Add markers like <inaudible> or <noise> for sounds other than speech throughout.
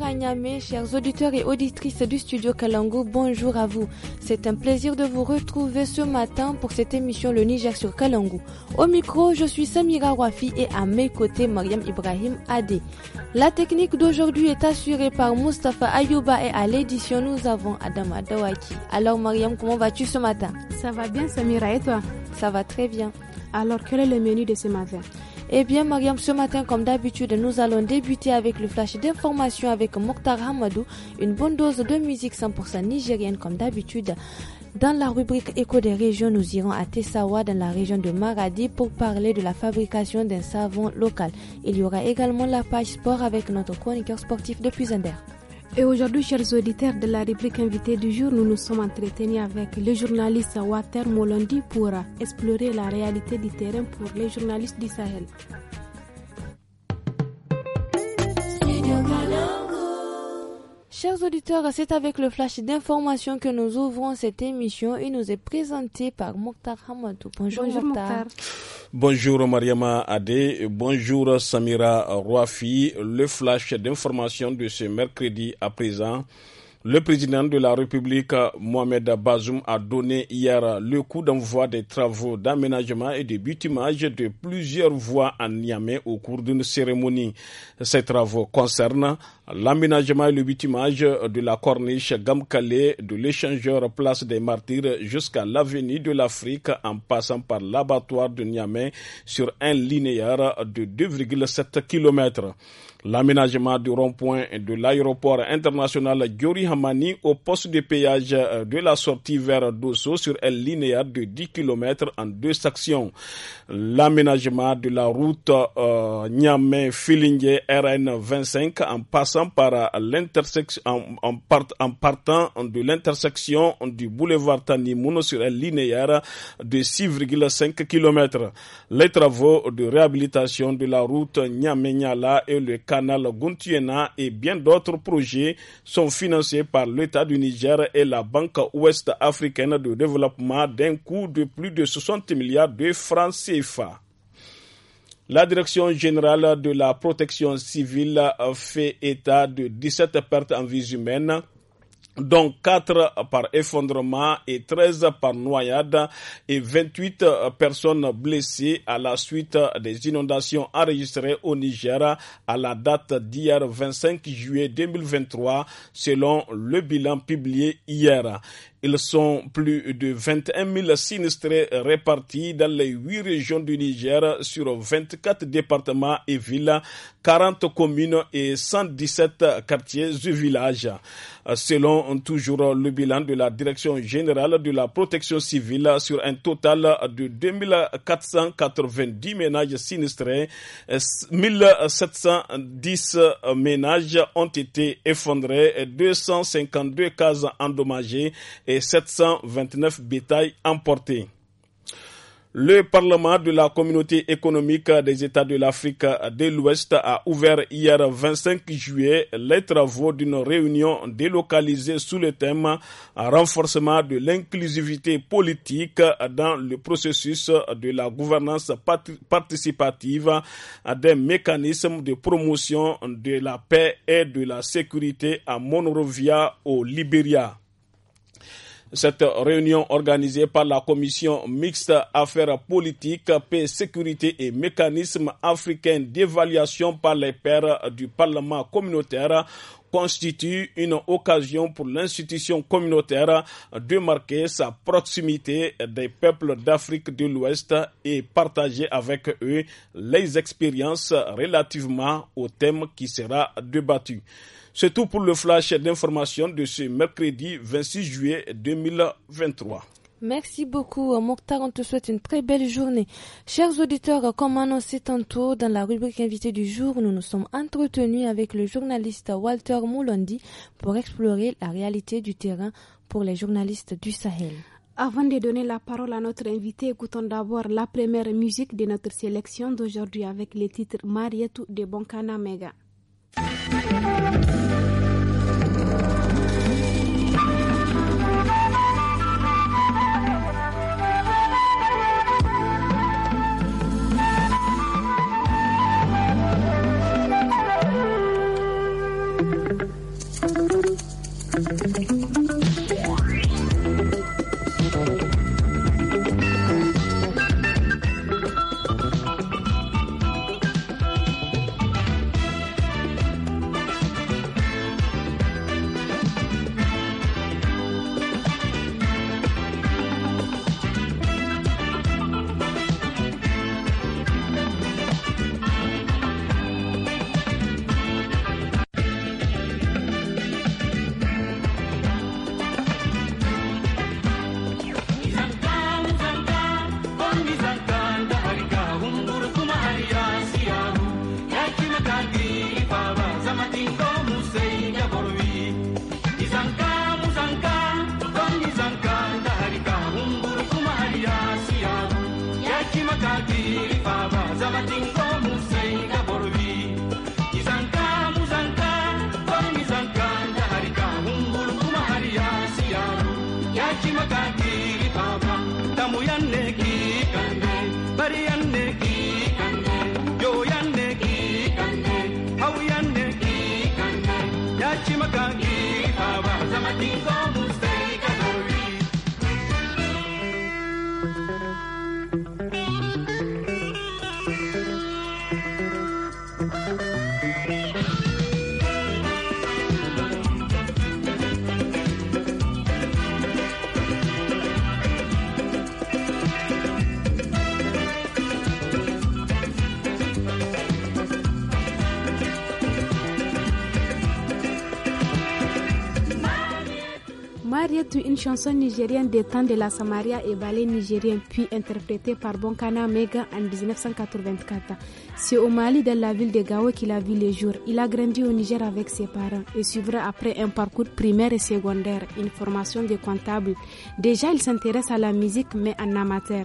Bonjour chers auditeurs et auditrices du studio Kalango, bonjour à vous. C'est un plaisir de vous retrouver ce matin pour cette émission Le Niger sur Kalango. Au micro, je suis Samira Wafi et à mes côtés, Mariam Ibrahim Adé. La technique d'aujourd'hui est assurée par Mustafa Ayouba et à l'édition, nous avons Adam Adawaki. Alors Mariam, comment vas-tu ce matin Ça va bien Samira et toi Ça va très bien. Alors quel est le menu de ce matin eh bien, Mariam, ce matin, comme d'habitude, nous allons débuter avec le flash d'information avec Mokhtar Hamadou, une bonne dose de musique 100% nigérienne, comme d'habitude. Dans la rubrique Écho des régions, nous irons à Tessawa, dans la région de Maradi, pour parler de la fabrication d'un savon local. Il y aura également la page sport avec notre chroniqueur sportif de Puisander. Et aujourd'hui, chers auditeurs de la rubrique invité du jour, nous nous sommes entretenus avec le journaliste Walter Molondi pour explorer la réalité du terrain pour les journalistes du Sahel. Chers auditeurs, c'est avec le flash d'information que nous ouvrons cette émission. et nous est présenté par Mokhtar Hamadou. Bonjour, Mokhtar. Bonjour Mariama Adé, bonjour Samira Rouafi. Le flash d'information de ce mercredi à présent. Le président de la République, Mohamed Bazoum, a donné hier le coup d'envoi des travaux d'aménagement et de bitumage de plusieurs voies à Niamey au cours d'une cérémonie. Ces travaux concernent L'aménagement et le bitumage de la corniche Gamkale de l'échangeur Place des Martyrs jusqu'à l'avenue de l'Afrique en passant par l'abattoir de Niamey sur un linéaire de 2,7 km. L'aménagement du rond-point de l'aéroport international Gyori Hamani au poste de péage de la sortie vers Dosso sur un linéaire de 10 km en deux sections. L'aménagement de la route euh, niamey RN25 en passant par l'intersection, en, partant de l'intersection du boulevard Tani sur un linéaire de 6,5 km. Les travaux de réhabilitation de la route Nyamenyala et le canal Guntiena et bien d'autres projets sont financés par l'État du Niger et la Banque ouest africaine de développement d'un coût de plus de 60 milliards de francs CFA. La Direction générale de la protection civile fait état de 17 pertes en vie humaine, dont 4 par effondrement et 13 par noyade et 28 personnes blessées à la suite des inondations enregistrées au Niger à la date d'hier 25 juillet 2023 selon le bilan publié hier. Ils sont plus de 21 000 sinistrés répartis dans les huit régions du Niger sur 24 départements et villes, 40 communes et 117 quartiers du villages. Selon toujours le bilan de la Direction générale de la protection civile, sur un total de 2490 ménages sinistrés, 1710 ménages ont été effondrés, 252 cases endommagées et 729 bétails emportés. Le Parlement de la Communauté économique des États de l'Afrique de l'Ouest a ouvert hier 25 juillet les travaux d'une réunion délocalisée sous le thème Renforcement de l'inclusivité politique dans le processus de la gouvernance participative des mécanismes de promotion de la paix et de la sécurité à Monrovia au Libéria. Cette réunion organisée par la commission mixte affaires politiques, paix, sécurité et mécanismes africains d'évaluation par les pairs du Parlement communautaire constitue une occasion pour l'institution communautaire de marquer sa proximité des peuples d'Afrique de l'Ouest et partager avec eux les expériences relativement au thème qui sera débattu. C'est tout pour le flash d'information de ce mercredi 26 juillet 2023. Merci beaucoup, Mokhtar. On te souhaite une très belle journée. Chers auditeurs, comme annoncé tantôt dans la rubrique invité du jour, nous nous sommes entretenus avec le journaliste Walter Moulondi pour explorer la réalité du terrain pour les journalistes du Sahel. Avant de donner la parole à notre invité, écoutons d'abord la première musique de notre sélection d'aujourd'hui avec le titre Marietou de Boncana Mega. chanson nigérienne des temps de la Samaria et ballet nigérien, puis interprétée par Bonkana Mega en 1984. C'est au Mali, dans la ville de Gao, qu'il a vu les jours. Il a grandi au Niger avec ses parents et suivra après un parcours primaire et secondaire, une formation de comptable. Déjà, il s'intéresse à la musique, mais en amateur.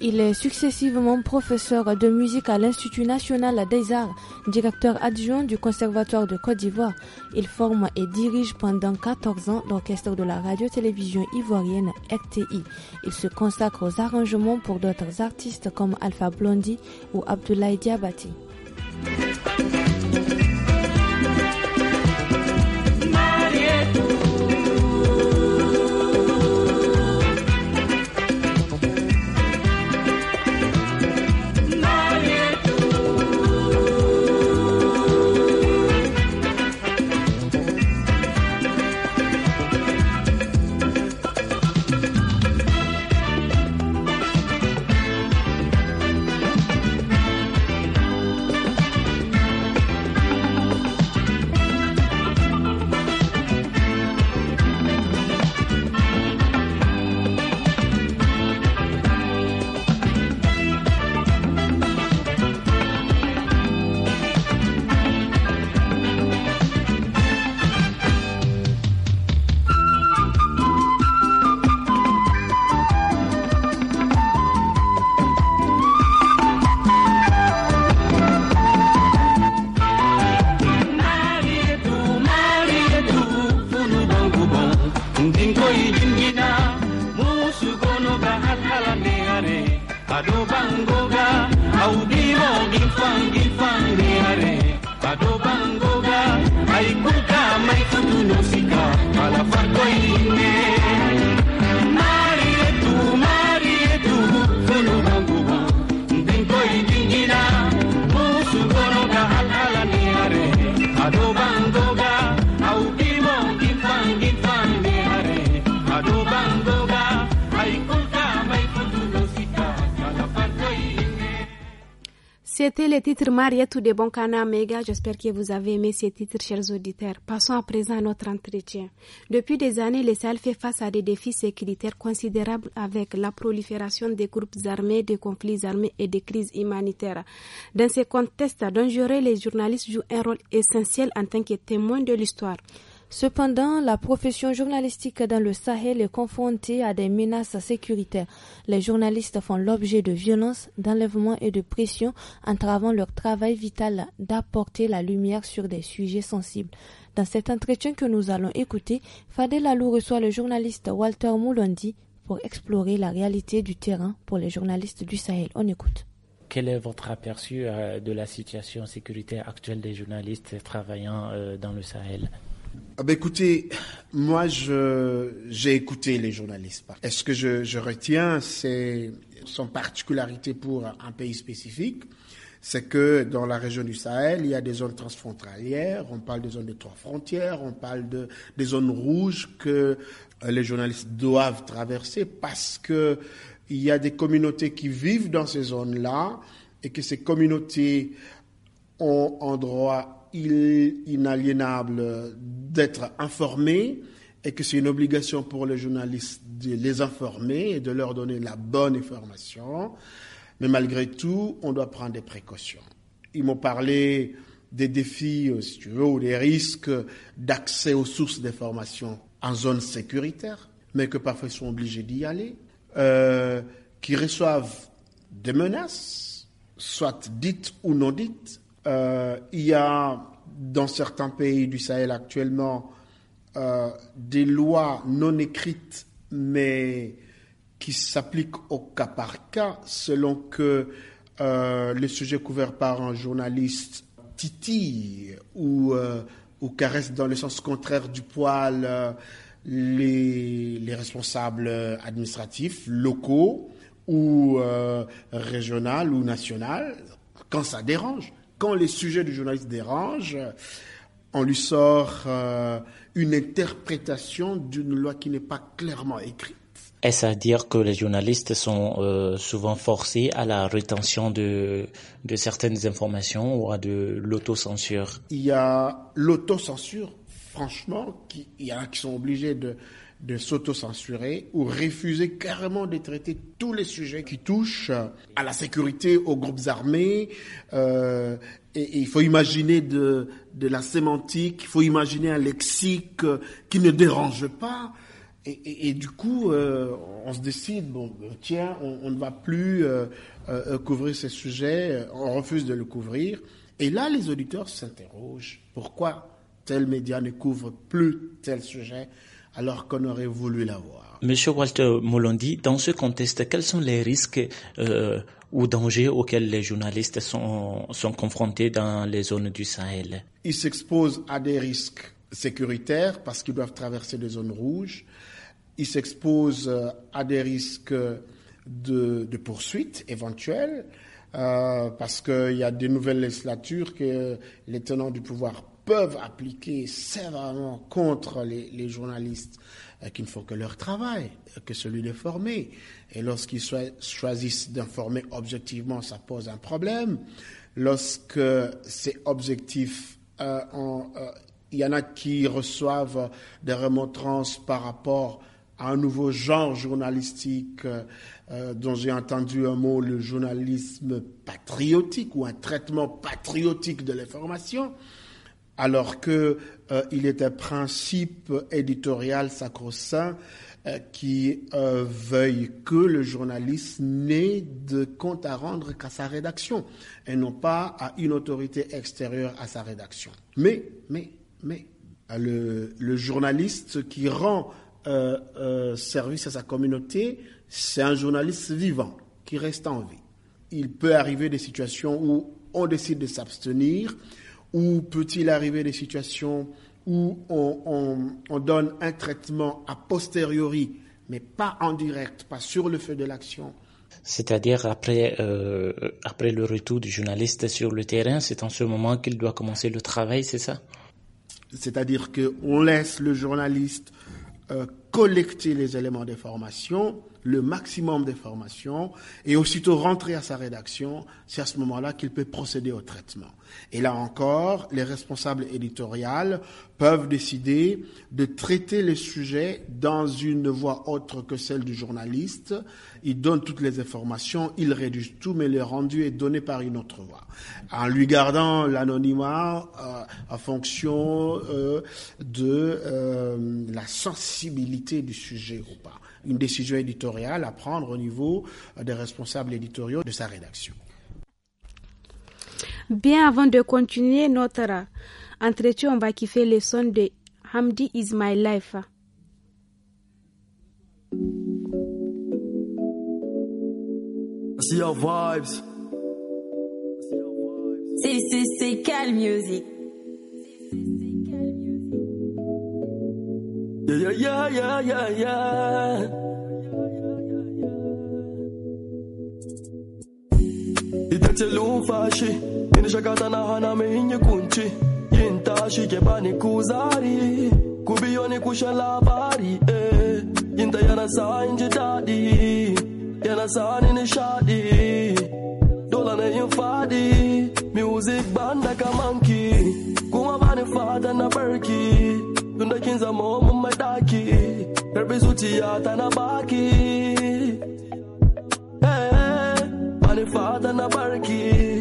Il est successivement professeur de musique à l'Institut national des arts, directeur adjoint du Conservatoire de Côte d'Ivoire. Il forme et dirige pendant 14 ans l'orchestre de la radio-télévision ivoirienne RTI. Il se consacre aux arrangements pour d'autres artistes comme Alpha Blondie ou Abdoulaye Diabati. C'était le titre des bons Boncana Mega. J'espère que vous avez aimé ces titres, chers auditeurs. Passons à présent à notre entretien. Depuis des années, les Sahel fait face à des défis sécuritaires considérables avec la prolifération des groupes armés, des conflits armés et des crises humanitaires. Dans ces contextes dangereux, les journalistes jouent un rôle essentiel en tant que témoins de l'histoire. Cependant, la profession journalistique dans le Sahel est confrontée à des menaces sécuritaires. Les journalistes font l'objet de violences, d'enlèvements et de pressions, entravant leur travail vital d'apporter la lumière sur des sujets sensibles. Dans cet entretien que nous allons écouter, Fadel Alou reçoit le journaliste Walter Moulandi pour explorer la réalité du terrain pour les journalistes du Sahel. On écoute. Quel est votre aperçu euh, de la situation sécuritaire actuelle des journalistes travaillant euh, dans le Sahel ah bah écoutez, moi, j'ai écouté les journalistes. Est-ce que je, retiens, c'est son particularité pour un pays spécifique c'est que dans la région du Sahel, il y a des zones transfrontalières, on parle des zones de trois frontières, on parle de, des zones rouges que euh, les journalistes doivent traverser parce que il y a des communautés qui vivent dans ces zones-là et que ces communautés ont un droit il, est inaliénable d'être informé et que c'est une obligation pour les journalistes de les informer et de leur donner la bonne information. Mais malgré tout, on doit prendre des précautions. Ils m'ont parlé des défis, euh, si tu veux, ou des risques d'accès aux sources d'information en zone sécuritaire, mais que parfois ils sont obligés d'y aller, euh, qui reçoivent des menaces, soit dites ou non dites, euh, il y a dans certains pays du Sahel actuellement euh, des lois non écrites, mais qui s'appliquent au cas par cas, selon que euh, le sujet couvert par un journaliste titille ou, caresse dans le sens contraire du poil les, les, responsables administratifs locaux ou régional ou national quand ça dérange quand les sujets du journaliste dérangent, on lui sort euh, une interprétation d'une loi qui n'est pas clairement écrite. Est-ce à dire que les journalistes sont euh, souvent forcés à la rétention de, de certaines informations ou à de l'autocensure Il y a l'autocensure, franchement, qui, il y a, qui sont obligés de, de s'auto-censurer ou refuser carrément de traiter tous les sujets qui touchent à la sécurité, aux groupes armés. Euh, et, il faut imaginer de, la sémantique, il faut imaginer un lexique qui ne dérange pas. Et, du coup, euh, on se décide, bon, euh, tiens, on, ne va plus couvrir ces sujets, on refuse de le couvrir. Et là, les auditeurs s'interrogent, pourquoi tel média ne couvre plus tel sujet alors qu'on aurait voulu l'avoir. Monsieur Walter Molondi, dans ce contexte, quels sont les risques euh, ou dangers auxquels les journalistes sont, confrontés dans les zones du Sahel Ils s'exposent à des risques sécuritaires parce qu'ils doivent traverser des zones rouges. Ils s'exposent euh, à des risques de, poursuite poursuites éventuelles euh, parce qu'il y a des nouvelles législatures que les tenants du pouvoir peuvent appliquer sévèrement contre les, journalistes euh, qui ne font que leur travail, euh, que celui de former. Et lorsqu'ils choisissent d'informer objectivement, ça pose un problème. Lorsque c'est objectif, euh, il y en a qui reçoivent des remontrances par rapport à un nouveau genre journalistique dont j'ai entendu un mot, le journalisme patriotique ou un traitement patriotique de l'information alors que euh, il est un principe éditorial sacro-saint euh, qui euh, veuille que le journaliste n'ait de compte à rendre qu'à sa rédaction et non pas à une autorité extérieure à sa rédaction. Mais, mais, mais, le, le journaliste qui rend service à sa communauté, c'est un journaliste vivant qui reste en vie. Il peut arriver des situations où on décide de s'abstenir, ou peut-il arriver des situations où on, donne un traitement a posteriori, mais pas en direct, pas sur le feu de l'action c'est-à-dire après, euh, après le retour du journaliste sur le terrain, c'est en ce moment qu'il doit commencer le travail, c'est ça C'est-à-dire qu'on laisse le journaliste euh, collecter les éléments d'information, le maximum d'informations, et aussitôt rentrer à sa rédaction, c'est à ce moment-là qu'il peut procéder au traitement. Et là encore, les responsables éditoriales peuvent décider de traiter les sujets dans une voie autre que celle du journaliste. Ils donnent toutes les informations, ils réduisent tout, mais le rendu est donné par une autre voie. En lui gardant l'anonymat euh, en fonction euh, de euh, la sensibilité du sujet ou pas. Une décision éditoriale à prendre au niveau des responsables éditoriaux de sa rédaction. Bien avant de continuer notre entretien, on va kiffer les sons de Hamdi Is My Life. See C'est calme music. Yeah, yeah, yeah, yeah, yeah. ndishakata na hana inye kunchi yinta bani kuzari kubiyoni kusha bari eh. yinta yana sa inji daɗi yana sa ni Dola dole na yin music band daga manki kuma bani fata na barki tunda kin zama mun mai ɗaki karbi zuciya ta na baki eh, bani fata na barki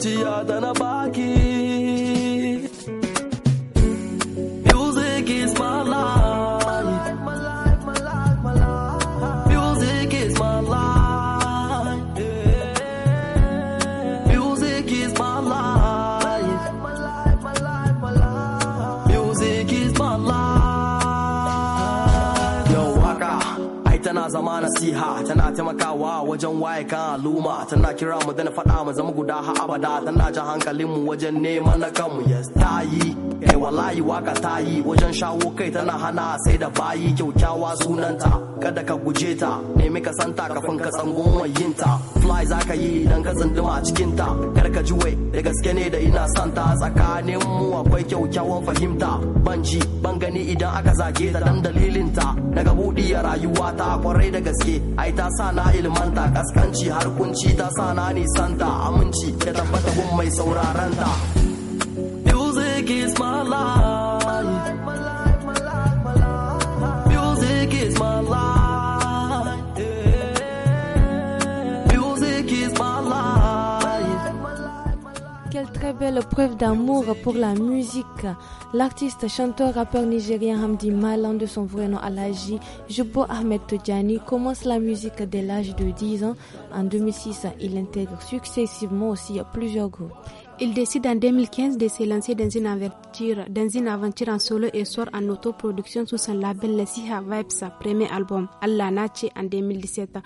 Prateada na barriga nasiha tana taimakawa wajen waye kan al'umma tana kira mu dana faɗa mu zama guda ha abada tana jan hankalin mu wajen neman na kanmu ya ta yi kai eh, wallahi waka ta wajen shawo kai tana hana sai da bayi kyaukyawa sunanta kada ka guje ta nemi ka santa kafin ka tsangon yinta fly zaka yi dan ka tsunduma a cikin ta kar ka ji wai da gaske ne da ina santa tsakanin mu akwai kyaukyawan fahimta ban ban gani idan aka zage ta dan dalilin ta daga ya rayuwa ta kwarai daga gaske ai ta sa na ilmanta kaskanci har kunci ta sa na nisanta aminci ya tabbata gun mai sauraranta music is my life très belle preuve d'amour pour la musique. L'artiste, chanteur, rappeur nigérien Hamdi Malan de son vrai nom Alaji Jubo Ahmed Tjani commence la musique dès l'âge de 10 ans. En 2006, il intègre successivement aussi plusieurs groupes. Il décide en 2015 de se lancer dans une aventure, en solo et sort en autoproduction sous son label Siha Vibes, premier album, Allah anachi en 2017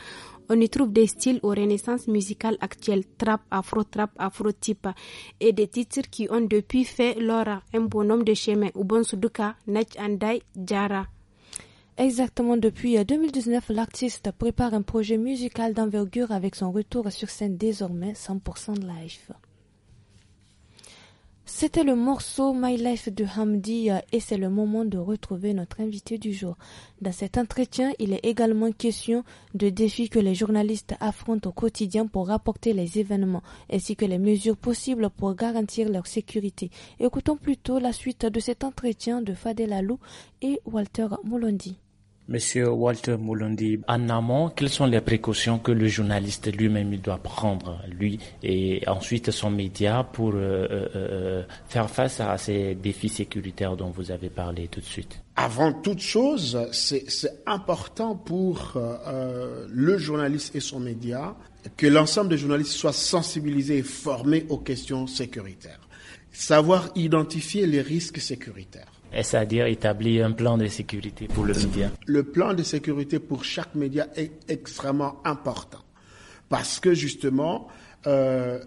on y trouve des styles aux renaissances musicales actuelles, trap, afro-trap, afro-type, et des titres qui ont depuis fait l'aura. un bonhomme de chemin, Ubon Suduka, Natch Andai, Jara. Exactement, depuis 2019, euh, l'artiste prépare un projet musical d'envergure avec son retour sur scène désormais 100% live. C'était le morceau My Life de Hamdi euh, et c'est le moment de retrouver notre invité du jour. Dans cet entretien, il est également question de défis que les journalistes affrontent au quotidien pour rapporter les événements ainsi que les mesures possibles pour garantir leur sécurité. Écoutons plutôt la suite de cet entretien de Fadel Alou et Walter Molondi. Monsieur Walter Moulondi, en amont, quelles sont les précautions que le journaliste lui-même doit prendre, lui et ensuite son média, pour euh, euh, euh, faire face à ces défis sécuritaires dont vous avez parlé tout de suite Avant toute chose, c'est important pour le journaliste et son média que l'ensemble des journalistes soient sensibilisés et formés aux questions sécuritaires. Savoir identifier les risques sécuritaires c'est-à-dire établir un plan de sécurité pour le média. Le plan de sécurité pour chaque média est extrêmement important parce que justement, euh,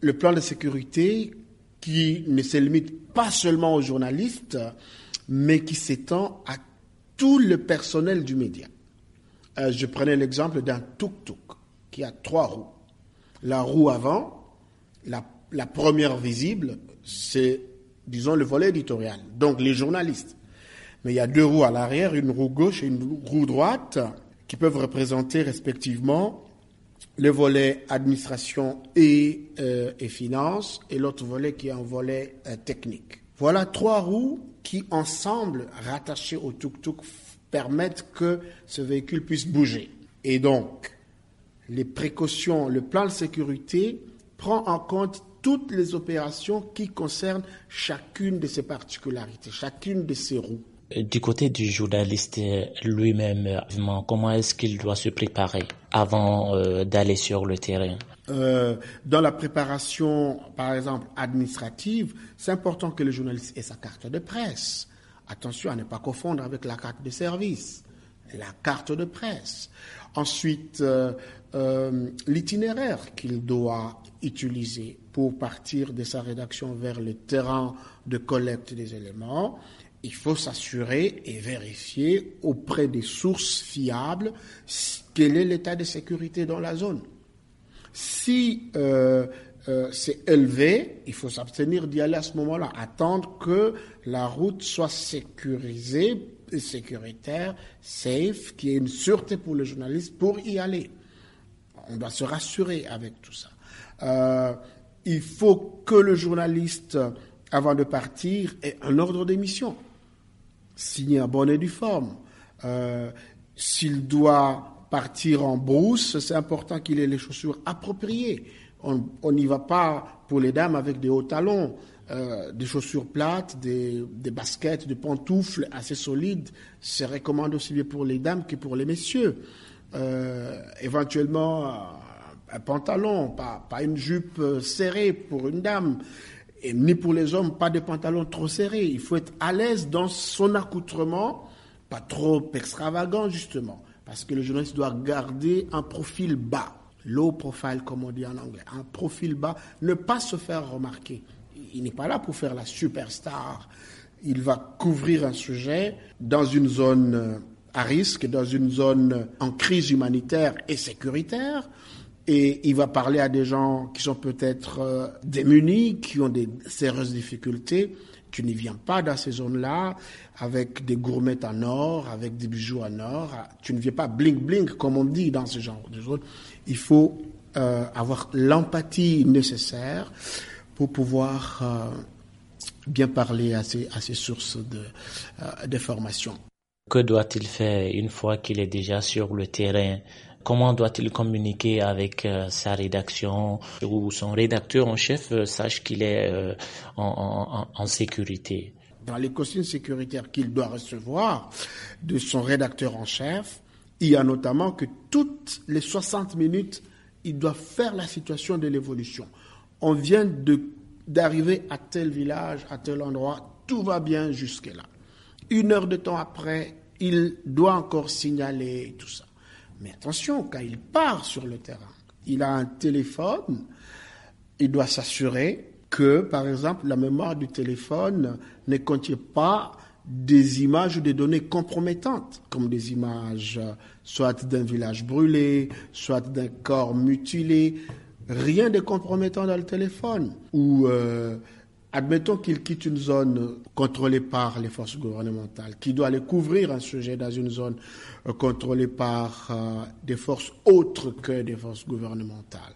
le plan de sécurité qui ne se limite pas seulement aux journalistes, mais qui s'étend à tout le personnel du média. Euh, je prenais l'exemple d'un tuk-tuk qui a trois roues. La roue avant, la, la première visible, c'est disons le volet éditorial, donc les journalistes. Mais il y a deux roues à l'arrière, une roue gauche et une roue droite, qui peuvent représenter respectivement le volet administration et, euh, et finances, et l'autre volet qui est un volet euh, technique. Voilà trois roues qui, ensemble, rattachées au tuk-tuk, permettent que ce véhicule puisse bouger. Et donc, les précautions, le plan de sécurité prend en compte toutes les opérations qui concernent chacune de ses particularités, chacune de ses roues. Du côté du journaliste lui-même, comment est-ce qu'il doit se préparer avant euh, d'aller sur le terrain euh, dans la préparation, par exemple, administrative, c'est important que le journaliste ait sa carte de presse. Attention à ne pas confondre avec la carte de service, la carte de presse. Ensuite, euh, l'itinéraire qu'il doit utiliser pour partir de sa rédaction vers le terrain de collecte des éléments, il faut s'assurer et vérifier auprès des sources fiables quel est l'état de sécurité dans la zone. Si euh, euh, c'est élevé, il faut s'abstenir d'y aller à ce moment-là, attendre que la route soit sécurisée, sécuritaire, safe, qu'il y ait une sûreté pour le journaliste pour y aller. On doit se rassurer avec tout ça. Euh, il faut que le journaliste, avant de partir, ait un ordre d'émission, signé en bonnet et forme. Euh, s'il doit partir en brousse, c'est important qu'il ait les chaussures appropriées. On n'y va pas pour les dames avec des hauts talons, euh, des chaussures plates, des, des, baskets, des pantoufles assez solides. C'est recommandé aussi bien pour les dames que pour les messieurs. Euh, éventuellement, euh, un pantalon, pas, une jupe euh, serrée pour une dame. Et ni pour les hommes, pas de pantalons trop serrés. Il faut être à l'aise dans son accoutrement, pas trop extravagant justement, parce que le journaliste doit garder un profil bas, low profile comme on dit en anglais, un profil bas, ne pas se faire remarquer. Il n'est pas là pour faire la superstar. Il va couvrir un sujet dans une zone euh, à risque, dans une zone en crise humanitaire et sécuritaire, et il va parler à des gens qui sont peut-être euh, démunis, qui ont des sérieuses difficultés. Tu n'y viens pas dans ces zones-là avec des gourmettes en or, avec des bijoux en or. Ah, tu ne viens pas bling-bling, comme on dit dans ce genre de zones. Il faut euh, avoir l'empathie nécessaire pour pouvoir euh, bien parler à ces, sources d'informations. que doit-il faire une fois qu'il est déjà sur le terrain Comment doit-il communiquer avec euh, sa rédaction ou son rédacteur en chef euh, sache qu'il est euh, en, sécurité Dans les consignes sécuritaires qu'il doit recevoir de son rédacteur en chef, il y a notamment que toutes les 60 minutes, il doit faire la situation de l'évolution. On vient d'arriver à tel village, à tel endroit, tout va bien jusque-là. Une heure de temps après, il doit encore signaler tout ça. Mais attention, quand il part sur le terrain, il a un téléphone, il doit s'assurer que, par exemple, la mémoire du téléphone ne contient pas des images ou des données compromettantes, comme des images soit d'un village brûlé, soit d'un corps mutilé, rien de compromettant dans le téléphone, ou euh, Admettons qu'il quitte une zone contrôlée par les forces gouvernementales, qu'il doit aller couvrir un sujet dans une zone euh, contrôlée par euh, des forces autres que des forces gouvernementales.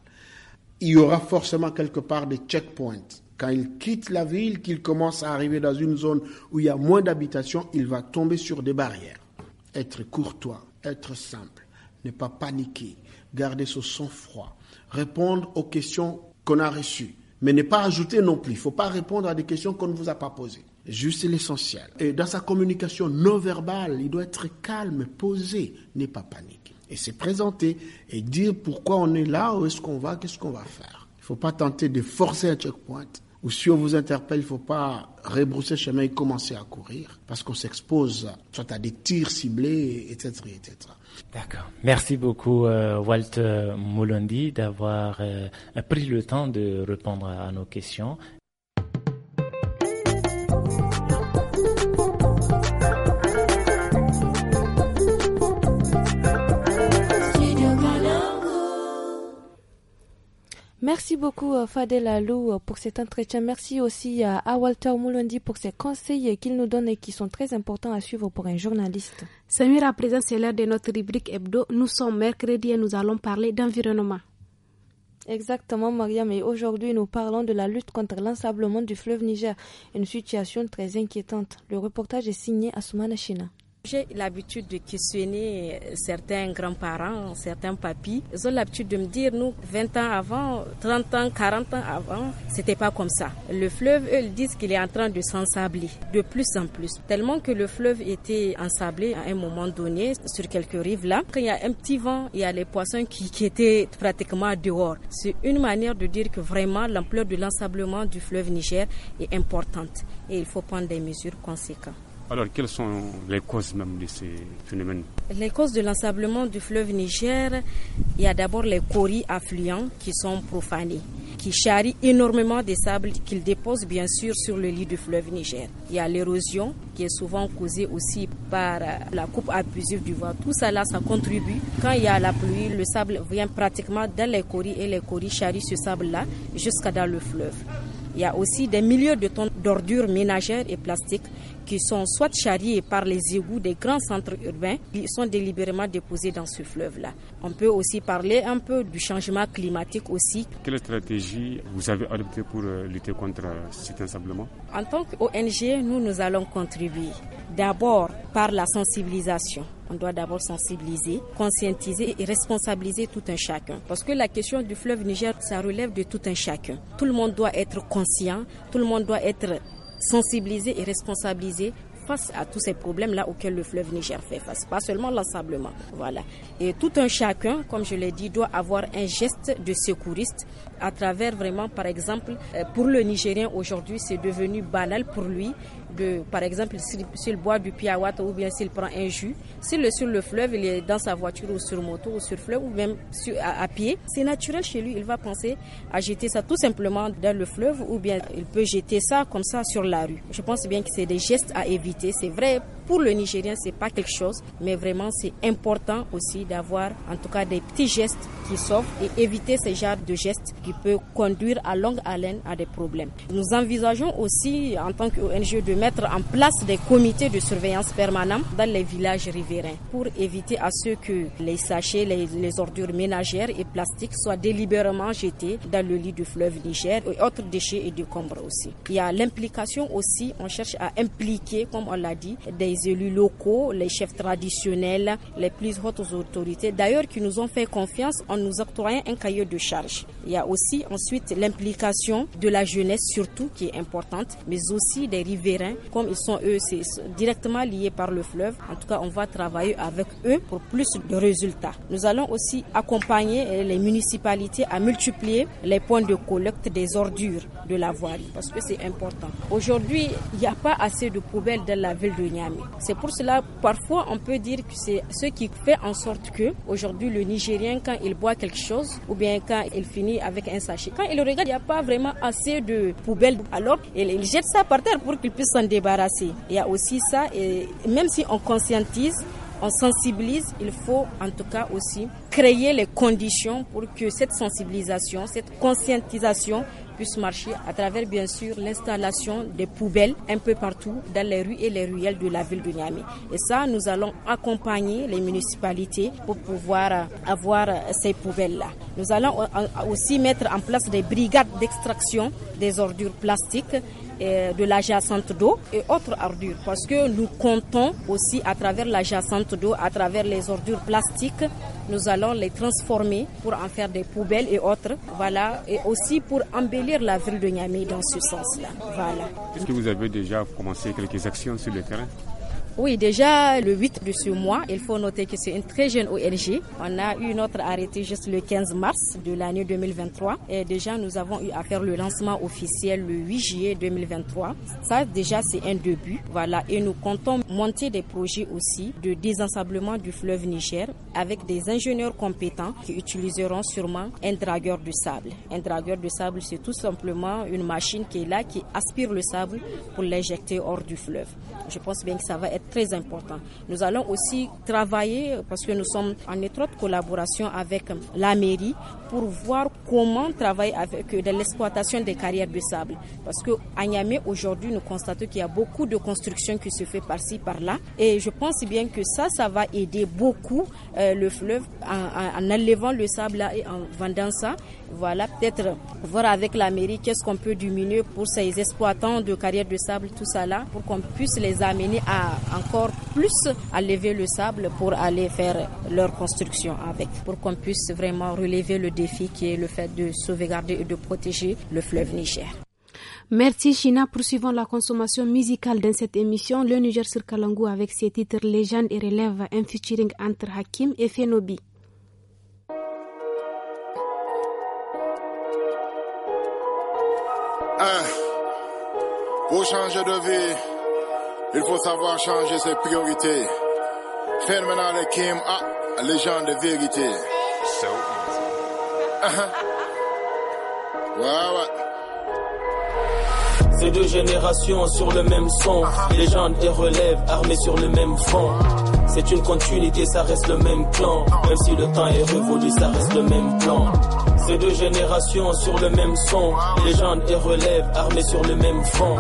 Il y aura forcément quelque part des checkpoints. Quand il quitte la ville, qu'il commence à arriver dans une zone où il y a moins d'habitations, il va tomber sur des barrières. Être courtois, être simple, ne pas paniquer, garder son sang-froid, répondre aux questions qu'on a reçues mais ne pas ajouter non plus. Il ne faut pas répondre à des questions qu'on ne vous a pas posées. Juste l'essentiel. Et dans sa communication non verbale, il doit être calme, posé, n'est pas paniquer. Et se présenter et dire pourquoi on est là, où est-ce qu'on va, qu'est-ce qu'on va faire. Il ne faut pas tenter de forcer un checkpoint. Ou si on vous interpelle, il ne faut pas rebrousser chemin et commencer à courir, parce qu'on s'expose soit à des tirs ciblés, etc. etc. D'accord. Merci beaucoup, euh, Walt Molondi, d'avoir euh, pris le temps de répondre à nos questions. Merci beaucoup euh, Fadel Alou euh, pour cet entretien. Merci aussi à Walter Moulundi pour ses conseils qu'il nous donne et qui sont très importants à suivre pour un journaliste. Samir, à présent, c'est l'heure de notre rubrique hebdo. Nous sommes mercredi et nous allons parler d'environnement. Exactement, Mariam. Et aujourd'hui, nous parlons de la lutte contre l'ensablement du fleuve Niger, une situation très inquiétante. Le reportage est signé à Soumana j'ai l'habitude de questionner euh, certains grands-parents, certains papis. Ils ont l'habitude de me dire, nous, 20 ans avant, 30 ans, 40 ans avant, c'était pas comme ça. Le fleuve, eux, ils disent qu'il est en train de s'ensabler de plus en plus. Tellement que le fleuve était ensablé à un moment donné sur quelques rives là. Quand il y a un petit vent, il y a les poissons qui, qui étaient pratiquement dehors. C'est une manière de dire que vraiment l'ampleur de l'ensablement du fleuve Niger est importante et il faut prendre des mesures conséquentes. Alors, quelles sont les causes même de ces phénomènes Les causes de l'ensablement du fleuve Niger, il y a d'abord les coris affluents qui sont profanés, qui charrient énormément de sable qu'ils déposent bien sûr sur le lit du fleuve Niger. Il y a l'érosion qui est souvent causée aussi par euh, la coupe abusive du vent. Tout ça là, ça contribue. Quand il y a la pluie, le sable vient pratiquement dans les coris et les coris charrient ce sable là jusqu'à dans le fleuve. Il y a aussi des milliers de tonnes d'ordures ménagères et plastiques qui sont soit charriés par les égouts des grands centres urbains, qui sont délibérément déposés dans ce fleuve-là. On peut aussi parler un peu du changement climatique aussi. Quelle stratégie vous avez adoptée pour euh, lutter contre euh, cet ensemblement En tant qu'ONG, nous, nous allons contribuer d'abord par la sensibilisation. On doit d'abord sensibiliser, conscientiser et responsabiliser tout un chacun. Parce que la question du fleuve Niger, ça relève de tout un chacun. Tout le monde doit être conscient, tout le monde doit être sensibiliser et responsabiliser face à tous ces problèmes-là auxquels le fleuve Niger fait face, pas seulement l'ensablement. Voilà. Et tout un chacun, comme je l'ai dit, doit avoir un geste de secouriste à travers vraiment, par exemple, euh, pour le Nigérien aujourd'hui, c'est devenu banal pour lui de, par exemple, s'il boit du piawat ou bien s'il prend un jus, s'il est sur le fleuve, il est dans sa voiture ou sur moto ou sur fleuve ou même à, pied, c'est naturel chez lui, il va penser à jeter ça tout simplement dans le fleuve ou bien il peut jeter ça comme ça sur la rue. Je pense bien que c'est des gestes à éviter activité, c'est vrai, pour le Nigérien, c'est pas quelque chose, mais vraiment, c'est important aussi d'avoir en tout cas des petits gestes qui sauvent et éviter ce genre de gestes qui peut conduire à longue haleine à des problèmes. Nous envisageons aussi, en tant qu'ONG, de mettre en place des comités de surveillance permanents dans les villages riverains pour éviter à ceux que les sachets, les, les ordures ménagères et plastiques soient délibérément jetés dans le lit du fleuve Niger et autres déchets et décombres aussi. Il y a l'implication aussi, on cherche à impliquer, comme on l'a dit, des les élus locaux, les chefs traditionnels, les plus hautes autorités, d'ailleurs qui nous ont fait confiance en nous octroyant un cahier de charge. Il y a aussi ensuite l'implication de la jeunesse surtout qui est importante, mais aussi des riverains, comme ils sont eux, c'est directement liés par le fleuve. En tout cas, on va travailler avec eux pour plus de résultats. Nous allons aussi accompagner les municipalités à multiplier les points de collecte des ordures de la voie, parce que c'est important. Aujourd'hui, il n'y a pas assez de poubelles dans la ville de Niamey. C'est pour cela, parfois, on peut dire que c'est ce qui fait en sorte que, aujourd'hui, le Nigérien, quand il boit quelque chose, ou bien quand il finit avec un sachet, quand il regarde, il n'y a pas vraiment assez de poubelles. Alors, il, il jette ça par terre pour qu'il puisse s'en débarrasser. Il y a aussi ça, et même si on conscientise, on sensibilise, il faut en tout cas aussi créer les conditions pour que cette sensibilisation, cette conscientisation puisse marcher à travers bien sûr l'installation des poubelles un peu partout dans les rues et les ruelles de la ville de Niamey. Et ça, nous allons accompagner les municipalités pour pouvoir euh, avoir euh, ces poubelles-là. Nous allons euh, aussi mettre en place des brigades d'extraction des ordures plastiques de la jacente d'eau et autres ordures parce que nous comptons aussi à travers la jacente d'eau, à travers les ordures plastiques, nous allons les transformer pour en faire des poubelles et autres. Voilà, et aussi pour embellir la ville de Niamey dans ce sens-là. Voilà. Est-ce que vous avez déjà commencé quelques actions sur le terrain oui, déjà le 8 de ce mois, il faut noter que c'est une très jeune ONG. On a eu notre arrêté juste le 15 mars de l'année 2023 et déjà nous avons eu à faire le lancement officiel le 8 juillet 2023. Ça déjà c'est un début. Voilà, et nous comptons monter des projets aussi de désensablement du fleuve Niger avec des ingénieurs compétents qui utiliseront sûrement un dragueur de sable. Un dragueur de sable, c'est tout simplement une machine qui est là qui aspire le sable pour l'injecter hors du fleuve. Je pense bien que ça va être très important. Nous allons aussi travailler, parce que nous sommes en étroite collaboration avec la mairie, pour voir comment travailler avec euh, de l'exploitation des carrières de sable. Parce qu'à Niamey, aujourd'hui, nous constatons qu'il y a beaucoup de construction qui se fait par-ci, par-là. Et je pense bien que ça, ça va aider beaucoup euh, le fleuve en, en, enlevant le sable là et en vendant ça. Voilà, peut-être voir avec la mairie qu'est-ce qu'on peut diminuer pour ces exploitants de carrières de sable, tout ça là, pour qu'on puisse les amener à encore plus à lever le sable pour aller faire leur construction avec, pour qu'on puisse vraiment relever le qui est le fait de sauvegarder et de protéger le fleuve Niger. Merci China. Poursuivons la consommation musicale dans cette émission. Le Niger sur Kalangu avec ses titres Légende et relève, un featuring entre Hakim et Fenobi. Hein. pour changer de vie, il faut savoir changer ses priorités. Phénoménal Hakim, les ah, légende de vérité. Uh-huh. Ces deux générations sur le même son, gens uh-huh. et relèves armés sur le même fond. C'est une continuité, ça reste le même plan Même si le temps est révolu, ça reste le même plan. Ces deux générations sur le même son, gens uh-huh. et relèves armés sur le même fond.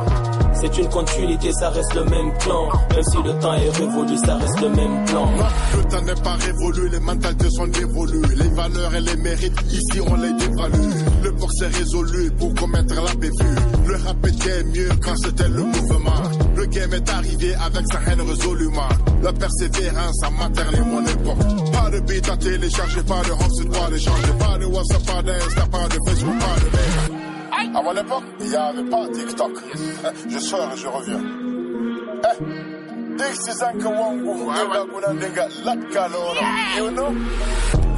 C'est une continuité, ça reste le même plan. Même si le temps est révolu, ça reste le même plan. Le temps n'est pas révolu, les mentalités sont évoluées. Les valeurs et les mérites, ici on les dévalue. Le box est résolu pour commettre la bévue. Le rap était mieux quand c'était le mouvement. Le game est arrivé avec sa haine résolument. La persévérance a materné mon époque. Pas de beat à télécharger, pas de hop c'est toi gens. Pas de WhatsApp, pas d'Insta, pas de Facebook, pas de merde. À mon époque, il n'y avait pas TikTok. <laughs> Je sors et je reviens.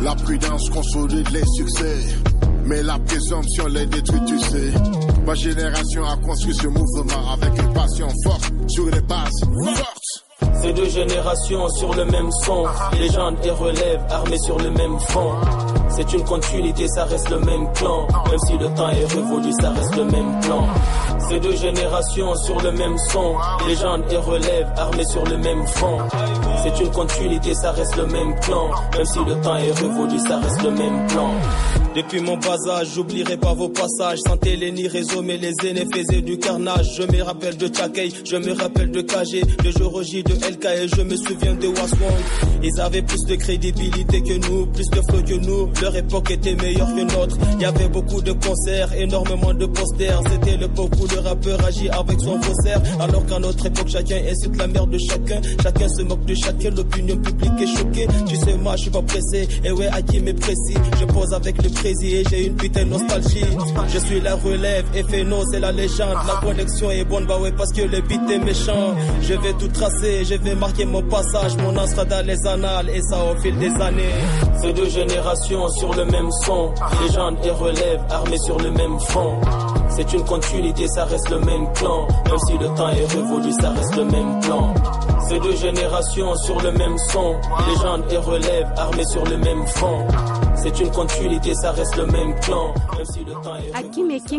La prudence consolide les succès, mais la présomption les détruit, tu sais. Ma génération a construit ce mouvement avec une passion forte sur les bases fortes. Ces deux générations sur le même son, ah, ah. les gens et relèves armés sur le même fond. C'est une continuité, ça reste le même plan Même si le temps est révolu, ça reste le même plan. Ces deux générations sur le même son. jeunes et relève armés sur le même front. C'est une continuité, ça reste le même plan Même si le temps est révolu, ça reste le même plan. Depuis mon passage, j'oublierai pas vos passages. Sans les ni réseau, mais les aînés faisaient du carnage. Je me rappelle de Chakei, je me rappelle de KG, de Jorogi, de LK je me souviens de Waswong. Ils avaient plus de crédibilité que nous, plus de feu que nous. Leur époque était meilleure que notre. Il y avait beaucoup de concerts, énormément de posters. C'était l'époque où de rappeur agit avec son faussaire. Alors qu'à notre époque, chacun insulte la mère de chacun. Chacun se moque de chacun, l'opinion publique est choquée. Tu sais, moi, je suis pas pressé. Et ouais, à qui précis Je pose avec le président, et j'ai une putain de nostalgie. Je suis la relève, et Féno, c'est la légende. La connexion est bonne, bah ouais, parce que le beat est méchant. Je vais tout tracer, je vais marquer mon passage. Mon âme dans les annales, et ça au fil des années. Ces deux générations sur le même son, les et relèvent armés sur le même fond. C'est une continuité, ça reste le même plan. Même si le temps est révolu, ça reste le même plan. c'est deux générations sur le même son, les et relèvent armés sur le même fond. C'est une continuité, ça reste le même clan. Si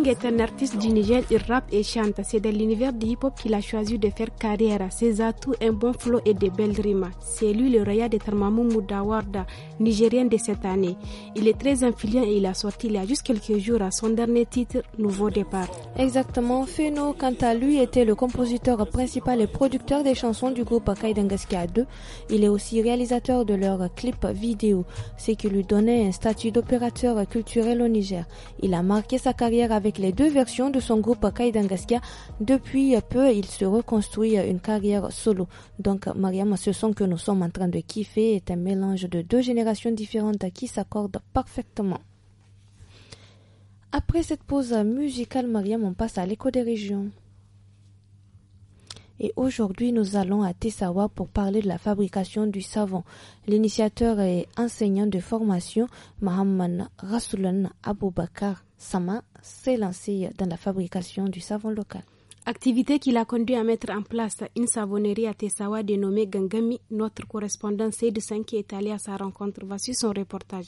est un artiste du Niger, il rappe et chante. C'est dans l'univers du hip-hop qu'il a choisi de faire carrière. Ses atouts, un bon flow et des belles rimes. C'est lui le royal de Tarmamou Moudawarda, nigérien de cette année. Il est très influent et il a sorti il y a juste quelques jours à son dernier titre, Nouveau Départ. Exactement. Feno, quant à lui, était le compositeur principal et producteur des chansons du groupe Kaidengaskia 2. Il est aussi réalisateur de leurs clips vidéo, ce qui lui donnait un statut d'opérateur culturel au Niger. Il a marqué sa carrière avec les deux versions de son groupe Kaidangaskia. Depuis peu, il se reconstruit une carrière solo. Donc, Mariam, ce son que nous sommes en train de kiffer est un mélange de deux générations différentes qui s'accordent parfaitement. Après cette pause musicale, Mariam, on passe à l'écho des régions et aujourd'hui nous allons à Tessawa pour parler de la fabrication du savon. L'initiateur et enseignant de formation, Mohamed Rasulan Aboubakar Sama, s'est lancé dans la fabrication du savon local. Activité qui l'a conduit à mettre en place une savonnerie à Tessawa dénommée Gangami. Notre correspondant Seyd qui est allé à sa rencontre. Voici son reportage.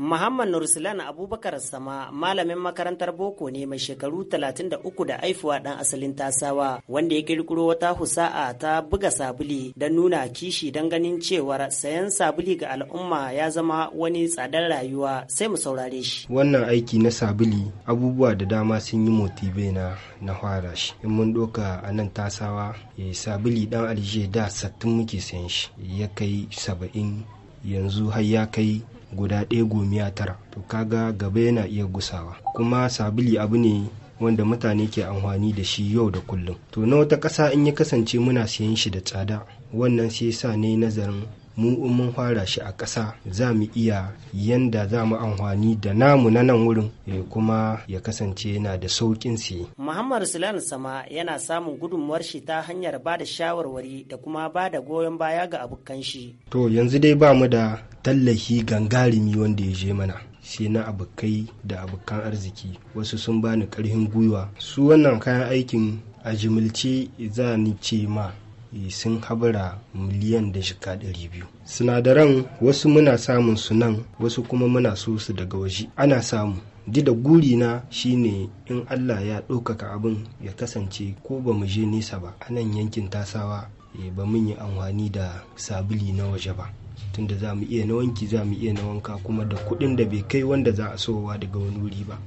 Muhammad nursulan Abubakar Sama malamin makarantar boko ne mai shekaru 33 da aifuwa dan asalin tasawa wanda ya kirkiro wata husa'a ta buga sabuli don nuna kishi don ganin cewa sayan sabuli ga al'umma ya zama wani tsadar rayuwa sai mu saurare shi. Wannan aiki na sabuli abubuwa da dama sun yi motive na na fara shi. In mun doka a nan tasawa eh, sabuli dan alije da sattin muke sayan shi ya kai saba'in yanzu har ya kai guda ɗaya gomiya tara to kaga gaba yana iya gusawa kuma sabili abu ne wanda mutane ke amfani da shi yau da kullum to na wata ƙasa in ya kasance muna siyan shi da tsada wannan sai sa ne nazarin mu mun fara shi a ƙasa za mu iya yanda za mu amfani da namu na nan wurin eh, kuma ya kasance yana da sauƙin siye. Muhammadu Sulaiman Sama yana samun gudunmuwar shi ta hanyar ba da shawarwari da kuma ba da goyon baya ga abokan shi. To yanzu dai ba mu da tallafi gangarimi wanda ya je mana. sai na abokai da abokan arziki wasu sun bani karfin gwiwa su wannan kayan aikin a jimilce za ni ce ma sun habara miliyan da shika ɗari biyu sinadaran wasu muna samun su nan wasu kuma muna so su daga waje ana samu dida guri na shine in allah ya ɗaukaka abin ya kasance ko ba mu je nesa ba a nan yankin tasawa eh, ba mun yi amfani da sabili na waje ba tunda za mu iya na wanki za mu iya na wanka kuma da kuɗin da bai kai wanda za a sowa daga wani wuri ba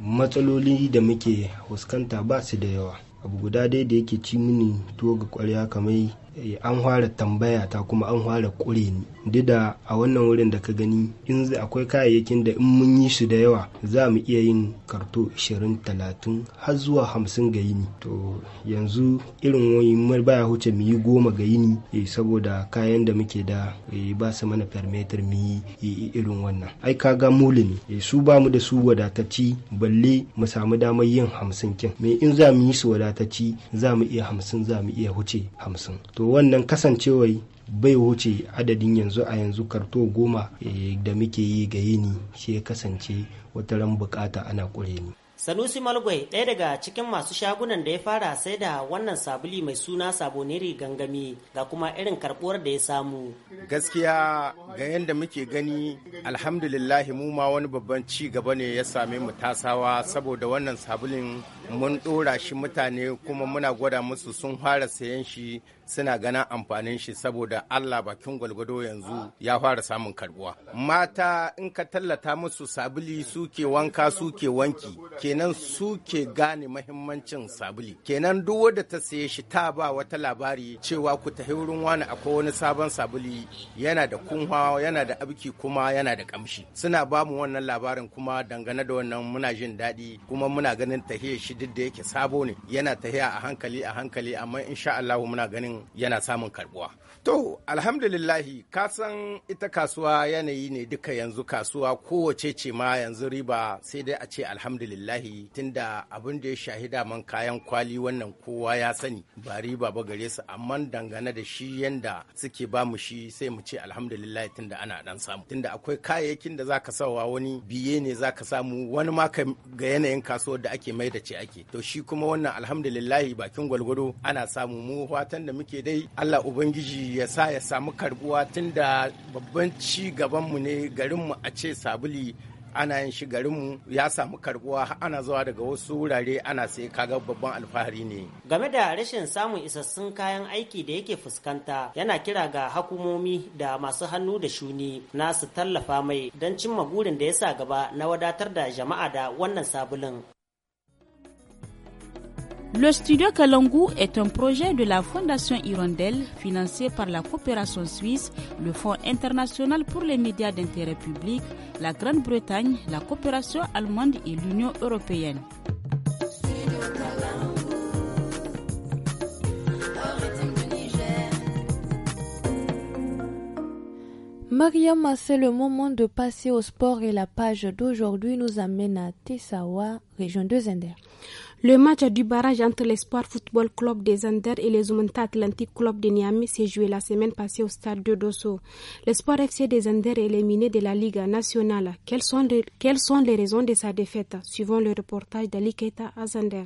matsaloli da muke fuskanta ba su da yawa abu guda dai da yake ci mini tuwo ga kwarya kamar Eh, an fara tambaya ta kuma an fara ƙure ni duk da a wannan wurin da ka gani in akwai kayayyakin da in mun yi su da yawa za mu iya yin karto 20 30 har zuwa 50 ga yini to yanzu irin wani baya huce mu yi goma ga yini eh, saboda kayan da muke da eh, ba su mana permeter mu yi irin wannan ai ka ga mulu ne su ba mu da su wadatacci balle mu samu damar yin 50 kin me in za mu yi su wadatacci za mu iya 50 za mu iya huce 50 to wannan kasancewar bai wuce adadin yanzu a yanzu karto goma eh, da muke yi ga yini shi ya kasance wata ran bukata ana kure ni sanusi malgwai ɗaya daga cikin masu shagunan da ya fara sai da wannan sabuli mai suna saboneri gangami ga kuma irin karbuwar da ya samu gaskiya ga yadda muke gani alhamdulillahi mu ma wani babban ci gaba ne ya same mu tasawa saboda wannan sabulin mun ɗora shi mutane kuma muna gwada musu sun fara sayan shi suna ganin amfanin shi saboda Allah bakin gwalgwado yanzu ya fara samun karbuwa. Mata in ka tallata musu sabuli suke wanka suke wanki kenan suke gane mahimmancin sabuli kenan duk wadda ta saye shi ta ba wata labari cewa ku tafi wurin wani akwai wani sabon sabuli yana da kunwa yana da abki kuma yana da kamshi suna ba mu wannan labarin kuma dangane da wannan muna jin daɗi kuma muna ganin tahiyar shi duk da yake sabo ne yana tahiya a hankali a hankali amma insha Allah muna ganin yana samun karbuwa To, alhamdulillahi, kasan ita kasuwa yanayi ne duka yanzu kasuwa kowace ce ma yanzu riba sai dai a ce alhamdulillahi tunda abin da ya shahida man kayan kwali wannan kowa ya sani ba riba ba gare su amma dangane da shi yanda suke ba mu shi sai mu ce alhamdulillahi tunda ana dan samu tunda akwai kayayyakin da zaka sawa wani biye ne zaka samu wani ma ga yanayin kasuwar da ake mai da ce ake to shi kuma wannan alhamdulillahi bakin gwalgwado ana samu mu fatan da muke dai Allah ubangiji yasa ya sa ya samu karbuwa tun da babban ci gabanmu ne garinmu a ce sabuli ana yin shi garinmu ya samu karbuwa ana zuwa daga wasu wurare ana sai kaga babban alfahari ne game da rashin samun isassun kayan aiki da yake fuskanta yana kira ga hakumomi da masu hannu da shuni na su tallafa mai don cimma burin da ya sa gaba na wadatar da jama'a da wannan sabulin Le studio Kalangu est un projet de la Fondation Hirondelle financé par la coopération suisse, le Fonds international pour les médias d'intérêt public, la Grande-Bretagne, la coopération allemande et l'Union européenne. Mariam, c'est le moment de passer au sport et la page d'aujourd'hui nous amène à Tessawa, région de Zender. Le match du barrage entre l'Espoir Football Club des Anders et les Zumunta Atlantique Club de Niamey s'est joué la semaine passée au stade de Dosso. L'Espoir FC des Anders est éliminé de la Ligue nationale. Quelles sont, les, raisons de sa défaite Suivant le reportage d'Ali à Zander.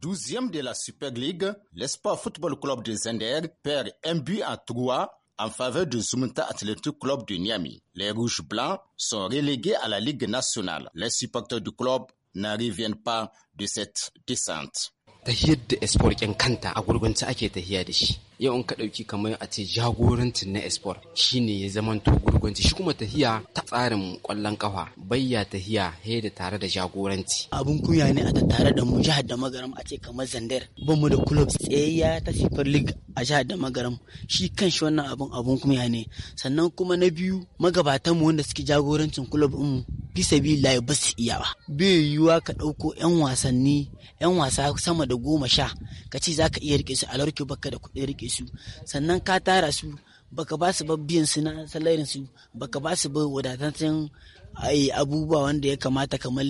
12 de la Super League, l'Espoir Football Club des Zander perd un but à trois en faveur du Zumunta Athletic Club de Niamey. Les Rouges Blancs sont relégués à la Ligue nationale. Les supporters du club na rivian pas de cette descente. Tahiyar da esfor kanta a gurgunta ake tahiya da shi. yau in ka ɗauki kamar a ce jagorancin na espor shine ya zama to gurgunci shi kuma tahiya ta tsarin kwallon kafa bayya tahiya he da tare da jagoranci. Abun kunya ne a tattare da mu jihar da magaram a ce kamar zandar ban mu da kulob tsayayya ta Super league a jihar da magaram shi kan shi wannan abun abun kunya ne sannan kuma na biyu magabatan mu wanda suke jagorancin kulob mu bi layi ba su iya ba bai yiwuwa ka ɗauko 'yan wasanni 'yan wasa sama da goma sha ka ce za ka iya rike su a larki baka da kuɗin rike su sannan ka tara su baka ba su biyan su na salarin su baka ba su ba wadatattun abubuwa wanda ya kamata kamar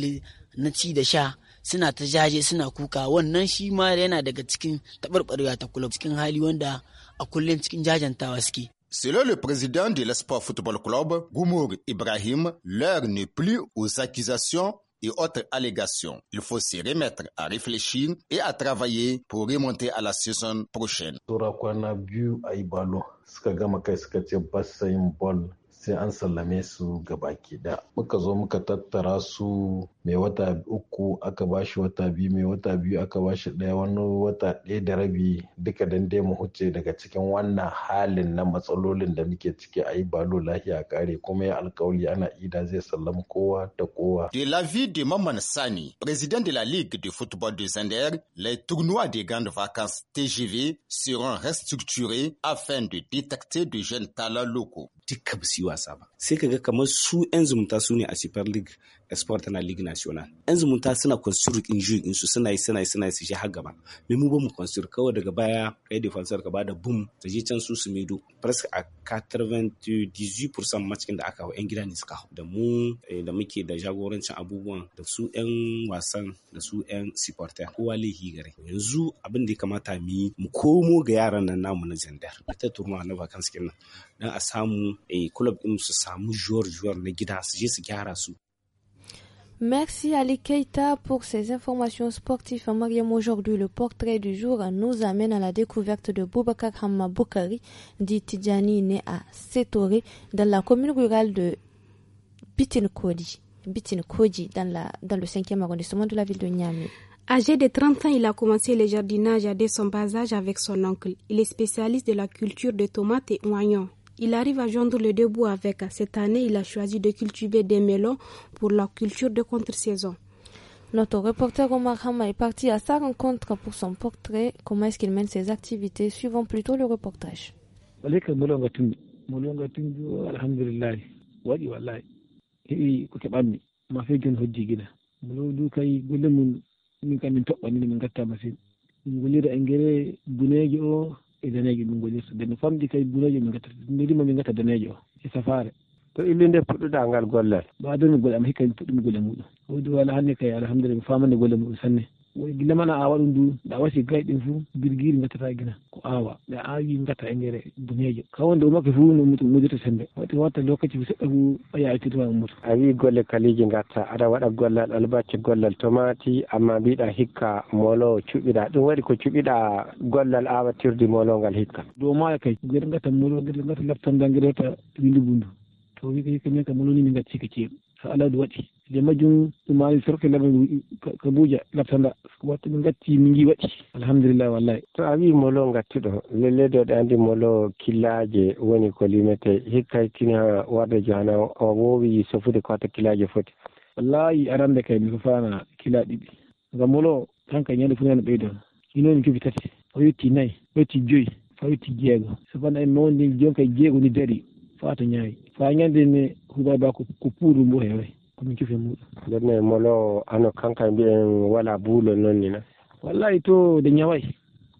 na ci da sha suna ta jaje suna kuka wannan shi ma yana daga cikin taɓarɓarewa ta kula cikin hali wanda a kullum cikin jajantawa suke Selon le président de l'Espoir Football Club, Goumour Ibrahim, l'heure n'est plus aux accusations et autres allégations. Il faut se remettre à réfléchir et à travailler pour remonter à la saison prochaine. mai wata uku aka ba wata biyu mai wata biyu aka ba shi ɗaya wani wata ɗaya da rabi duka dan dai mu huce daga cikin wannan halin na matsalolin da muke ciki a yi balo lahiya kare kuma ya alkawali ana ida zai sallama kowa da kowa. De la vie de Maman Sani, president de la Ligue de football de Zander, les tournois de grandes vacances TGV seront restructurés afin de détecter de jeunes talents locaux. Duka ba su yi wasa ba. Sai ka ga kamar su 'yan zumunta su ne a Super League espoir tana league national yan zumunta suna construct in juyin su suna yi suna yi suna yi su shi har gaba me mu ba mu construct kawai daga baya kai defensor ka bada boom ta je can su su mido presque a 98% matchkin da aka hau yan ne suka da mu eh, da muke da jagorancin abubuwan da su yan wasan da su yan supporter kowa laihi gare yanzu abin da ya kamata mu yi mu komo ga yaran nan namu na jandar ta turma na vacancy nan dan a samu eh, club din su samu juwar juwar na gida su je su gyara su Merci Ali Keita pour ces informations sportives. Mariam, aujourd'hui, le portrait du jour nous amène à la découverte de Boubacar Hamma Boukari, dit Tidjani, né à Setore dans la commune rurale de Bitin Bitinkodi dans, la, dans le 5e arrondissement de la ville de Niamey. Âgé de 30 ans, il a commencé le jardinage dès son bas âge avec son oncle. Il est spécialiste de la culture de tomates et oignons. Il arrive à joindre le debout avec. Cette année, il a choisi de cultiver des melons pour la culture de contre-saison. Notre reporter Omar Hama est parti à sa rencontre pour son portrait. Comment est-ce qu'il mène ses activités suivant plutôt le reportage. e danejo ɗum gollirta nde mi famɗi kay dunejo mi gattata mirima mi gatta danejo o e safare to ille nde puɗɗuɗa ngal gollal mbaɗanmi golle am hikka mi puɗɗumi golle muɗum wodi wala hannde kay alhamdulillah mi famande golle muɗum sanne gila mana awa ɗum du da wasi ɗin fu birgiri gattata gina ko awa da awi gatta e ndeer duneeje kawonde o makke fu no mudirta sembe wati watta lokaci fu seɗɗa fuu a yaatirma ummuto a wi golle kaliji gatta aɗa waɗa gollal albacce gollal tomati amma mbiɗa hikka molowo cuɓiɗa ɗum waɗi ko cuɓiɗa gollal awa tirdi aawatirde ngal hikka dow maya kay geɗa gatta molo geɗa gatta labtanda geɗa watta windi bundu to wi ko hikka min ka moloni min gatti hikka ceeɗu ala waɗi nde majjum ɗum maali sorke laɓe ko buuja laɓtanda watta ɓe gatti min gi waɗi alhamdulillah wallahi to a wi molo gattuɗo lellede ɗe andi molo killaje woni ko limete hikka kina warde johana o wowi sofude ko watta killaje foti wallahi arande kay miko fana kila ɗiɗi ngam molo kanka ñande fof nana ɓeydo inoni kefi tati o yetti nay o yetti joyyi fa yetti jeego so fana en mawndi jon kay jeego ni dari fata ñaayi fa ñandene hubaba ko puuru mbo heewe komin cufe muɗum nden molo ano kanka mbiyen wala buulol noon ni na wallay to de ñaway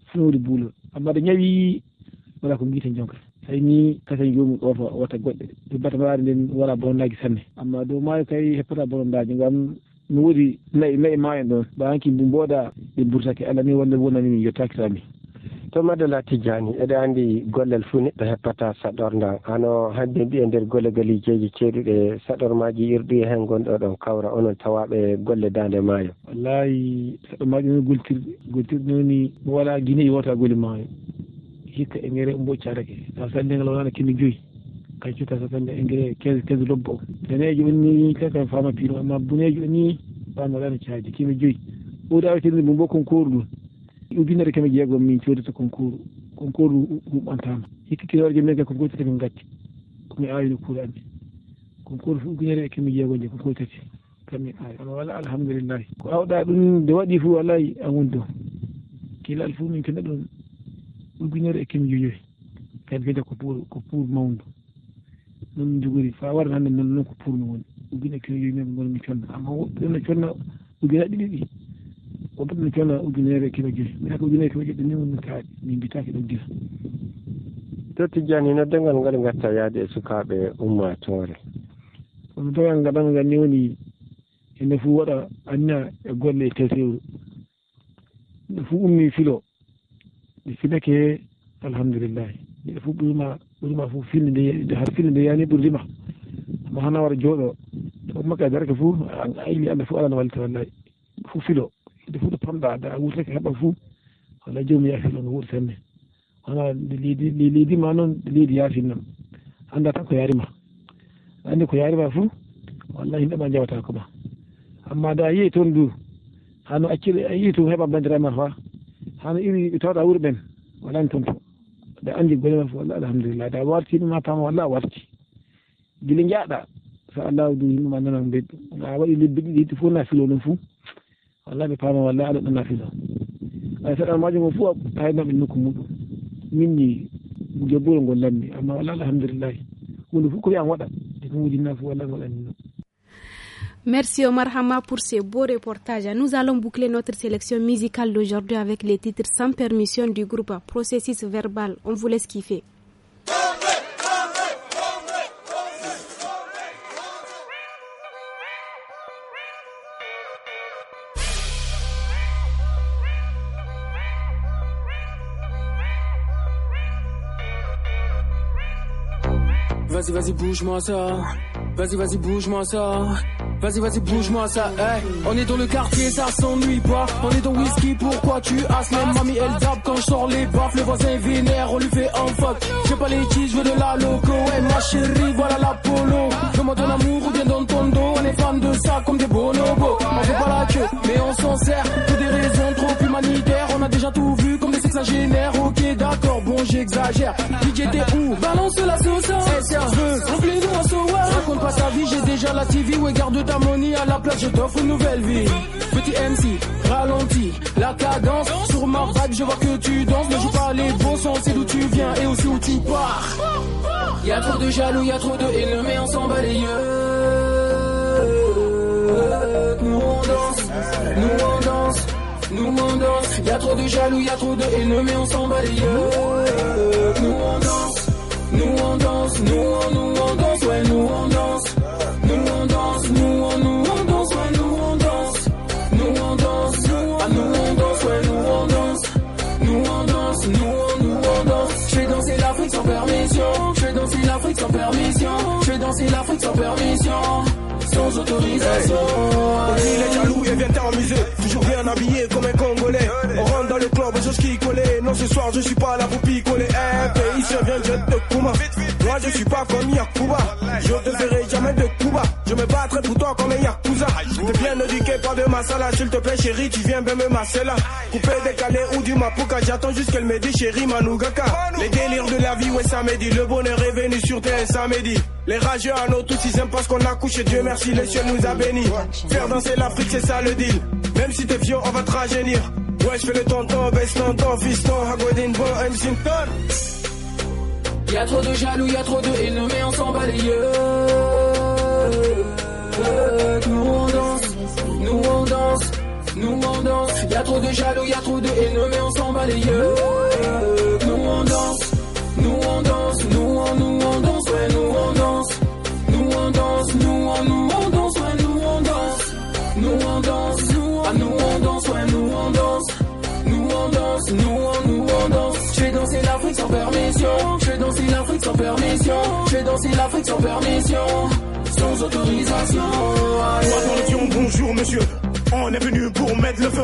fnowde buulol amma de ñawi wala ko mbiten jonka tawi ni kasen jomum ɗoto wata goɗɗe ɗe batamaɗe nden wala bonondaji sanne amma dow maayo kay heppata bonondaji ngam mi woni nayi nayi maayo en ɗon ɓaanki mbo mbooɗa ɗe burtake allah ni wonde wonani min yettaki tami to madala tijani eɗe andi gollel fuu neɗɗo heppata saɗorda hano hande mbiye nder golle galijeji ceeɗuɗe saɗormaji irɗi e hen gonɗo ɗon kawra onon tawaɓe golle dande maayo wallayi saɗormaji ɗon gultirɗe gultirɗe noni wala guine iwota e gole maayo hikka engrais o mboccatake sa sandigal wonano kinne joyi kay cutta sa sandi engrais quinze quinze lobbo o teneji onni kakam fama pino amma buneji oni famaɗano caadi kinne joyi ɓowde awetenimo bo konkoru ɗum ujunere keme jeegom min codata concours concours humɓantama hikkitinoreje min ka concours tati min gatti komi awino kuure andi concours ujunere e keme jeego je concours tati kammin awi ono wala alhamdulillahi ko awɗa ɗum nde waɗi fo walay an woni do kilal fo min kene ɗon ujunere e keme joyoyi kadi kede ko pour ko pour mawdu noon min jogori fa warde hannde noon noon ko pour mi woni ujunere e keme joyi mi gonmi conna amma woɗɗo ɗon no conna ujunaɗe ɗiɗiɗi وبدل كنا أجنير كلا جه من أكو أجنير كلا الدنيا من ونكاد من بتاعك كلا جه تتجاني عن نقول نقطع دي سكابة أمة توري ونطبعا قبل غنيوني إن في ورا أنا أقول لي تسير في أمي فيلو لفلك الحمد لله في بما بما في فيل دي ده فيل دي يعني برزمة ما هنا ورجوله وما كذا عن أي أنا فوق أنا والله في فيلو تليفون تطلع ده أقول لك هبقى فوق خلا جوم يا فيلون هو سنة أنا لي لي لي ما نون لي يا فيلون أنا تاكو ياري ما عند كو ياري ما فوق والله إنما جاوا تاكو ما أما دا أيه تندو أنا أكيد أيه تون هبا بندرا ما هو أنا إيه يتعود أور بن ولا نتون دا عندي قول ما فوق الحمد لله دا وارتي ما تام والله وارتي جلين جاء دا فالله دو ما نون بيت أنا أقول لي بدي تفونا فيلون فوق Merci Omar Hama pour ce beau reportage. Nous allons boucler notre sélection musicale d'aujourd'hui avec les titres sans permission du groupe Processus Verbal. On vous laisse kiffer. Vas-y, vas-y, bouge-moi ça. Vas-y, vas-y, bouge-moi ça. Vas-y, vas-y, bouge-moi ça, On est dans le quartier, ça s'ennuie pas. On est dans whisky, pourquoi tu as même mamie, elle tape quand je sors les baffes. Le voisin vénère, on lui fait un fuck. J'ai pas les kids, je veux de la loco. Ouais, eh, ma chérie, voilà la polo. fais moi ton amour ou bien dans ton dos. On est fan de ça comme des bonobos. On fait pas la queue, mais on s'en sert. Pour des raisons trop humanitaires, on a déjà tout vu comme des sexagénaires. Ok, d'accord, bon, j'exagère. DJ, t'es Balance la sauce, hein. c'est un nous un sa vie, j'ai déjà la TV. Ouais, garde ta monie à la place, je t'offre une nouvelle vie. Petit MC, ralenti, la cadence. Sur ma vibe, je vois que tu danses. Mais joue pas les bons sens, c'est d'où tu viens et aussi où tu pars. Y'a trop de jaloux, y'a trop de haine, mais on s'en bat les yeux. Nous on danse, nous on danse, nous on danse. Y'a trop de jaloux, y'a trop de haine, mais on s'en bat les yeux. Nous on danse, nous on danse, nous on, nous on danse, ouais, nous on danse. Je fais danser l'Afrique sans permission sans autorisation. On dit les jaloux et viennent t'amuser. Toujours bien habillé comme un Congolais. On rentre dans le club, chose qui collait. Non, ce soir, je suis pas là pour picoler. Eh, pays, je viens de Kouma. Moi, je suis pas comme Yakuba. Je te verrai jamais de Kuba. Je me battrai pour toi comme un Yakuza. T'es bien éduqué, pas de ma salle. S'il te plaît, chérie, tu viens bien me masser là. Coupé, décalé ou du mapuka. J'attends juste qu'elle me dise, chérie, Manugaka. Les délires de la vie, ouais, ça me dit. Le bonheur est venu sur terre, ça dit. Les rageux à nos tous, ils aiment pas qu'on a couché. Dieu merci, les cieux nous a bénis. Faire danser l'Afrique, c'est ça le deal. Même si t'es vieux, on va te rajeunir. Ouais, je fais le tonton, baisse tonton, fiston, Hagodin, bon, Hensington. Y'a trop de jaloux, y'a trop de haineux, mais on s'en bat les yeux. Nous on danse, nous on danse, nous on danse. Y'a trop de jaloux, y'a trop de haineux, mais on s'en bat les yeux. Nous on danse, nous on danse, nous on nous. nous on, nous on danse. Je fais danser l'Afrique sans permission. Je dansé danser l'Afrique sans permission. Je dansé danser l'Afrique sans permission. Sans autorisation. Attention, bonjour monsieur. On est venu pour mettre le feu.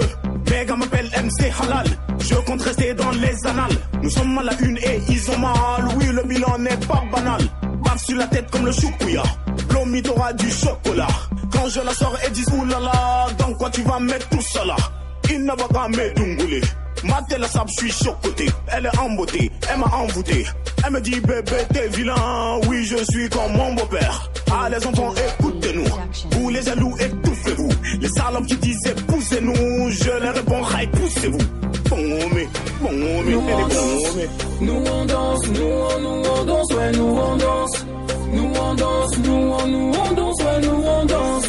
Les m'appelle MC Halal. Je compte rester dans les annales. Nous sommes à la une et ils ont mal. Oui, le bilan n'est pas banal. Baf sur la tête comme le choukouya. L'omidora du chocolat. Quand je la sors, et disent oulala. Dans quoi tu vas mettre tout ça là? Il n'a pas qu'à Maté la sable, je suis surcoté. Elle est embotée, elle m'a envoûté. Elle me dit bébé t'es vilain, oui je suis comme mon beau-père. allez ah, enfants écoutez-nous, vous les jaloux étouffez-vous. Les salopes qui disaient poussez-nous, je les réponds raille poussez-vous. Bon mais, bon mais, nous on danse, nous on danse, nous on, nous on danse, ouais nous on danse. Nous on danse, nous on, nous on danse, ouais nous on danse.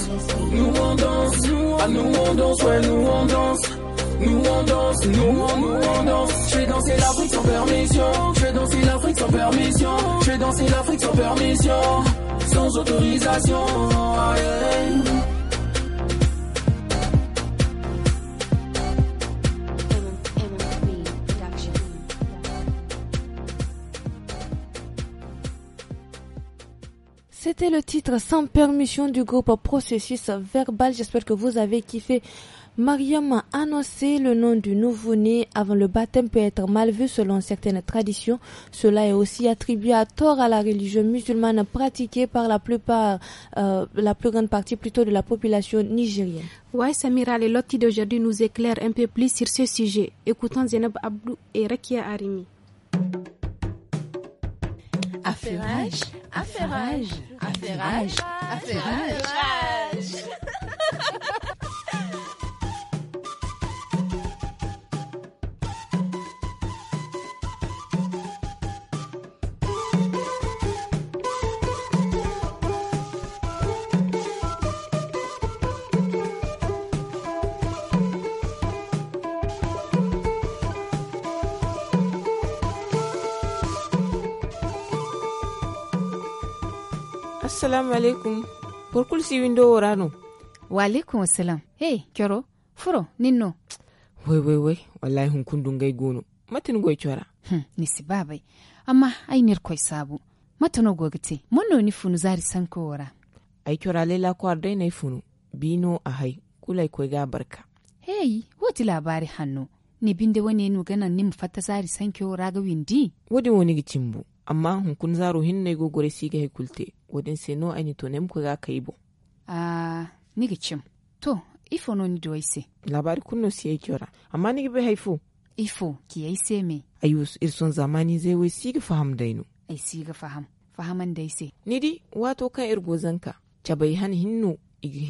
Nous on danse, nous ah, on, nous on danse, ouais nous on danse. Nous on danse, nous on, nous on danse. Je vais danser l'Afrique sans permission. Je vais danser l'Afrique sans permission. Je vais danser l'Afrique sans permission. Sans autorisation. C'était le titre sans permission du groupe Processus Verbal. J'espère que vous avez kiffé Mariam a annoncé le nom du nouveau-né avant le baptême peut être mal vu selon certaines traditions. Cela est aussi attribué à tort à la religion musulmane pratiquée par la plupart, euh, la plus grande partie plutôt de la population nigérienne. Oui, Samira, les lotis d'aujourd'hui nous éclairent un peu plus sur ce sujet. Écoutons Zainab Abdou et Rekia Arimi. Affairage, affairage, affairage, affairage. assalamu alaikum pourkul si windo no wa alaikum assalam hey kyoro furo ninno wai wai wai wallahi hun kun dungai gono matin goy kyora hmm, nisi babai amma ai nir koy sabu matano gogite monno ni funu zari sanko wora ai kyora lela ko ardai nai funu bino a hai kulai koy ga barka hey woti labari hannu ni binde wani nu gana ni mu fata zari sanko wora ga windi wodi woni gicimbu amma hunkun zaro hin go gogore si ga hekulte wadin se no ani to nem ko ga kaibo a niga cim to ifo no ni doise labari kunno si ejora amma nigi be haifu ifo ki ai se me ayus er son zamani zai wai ga faham dainu ai ga faham fahaman ni di wato kan irgo er zanka cabai han hinno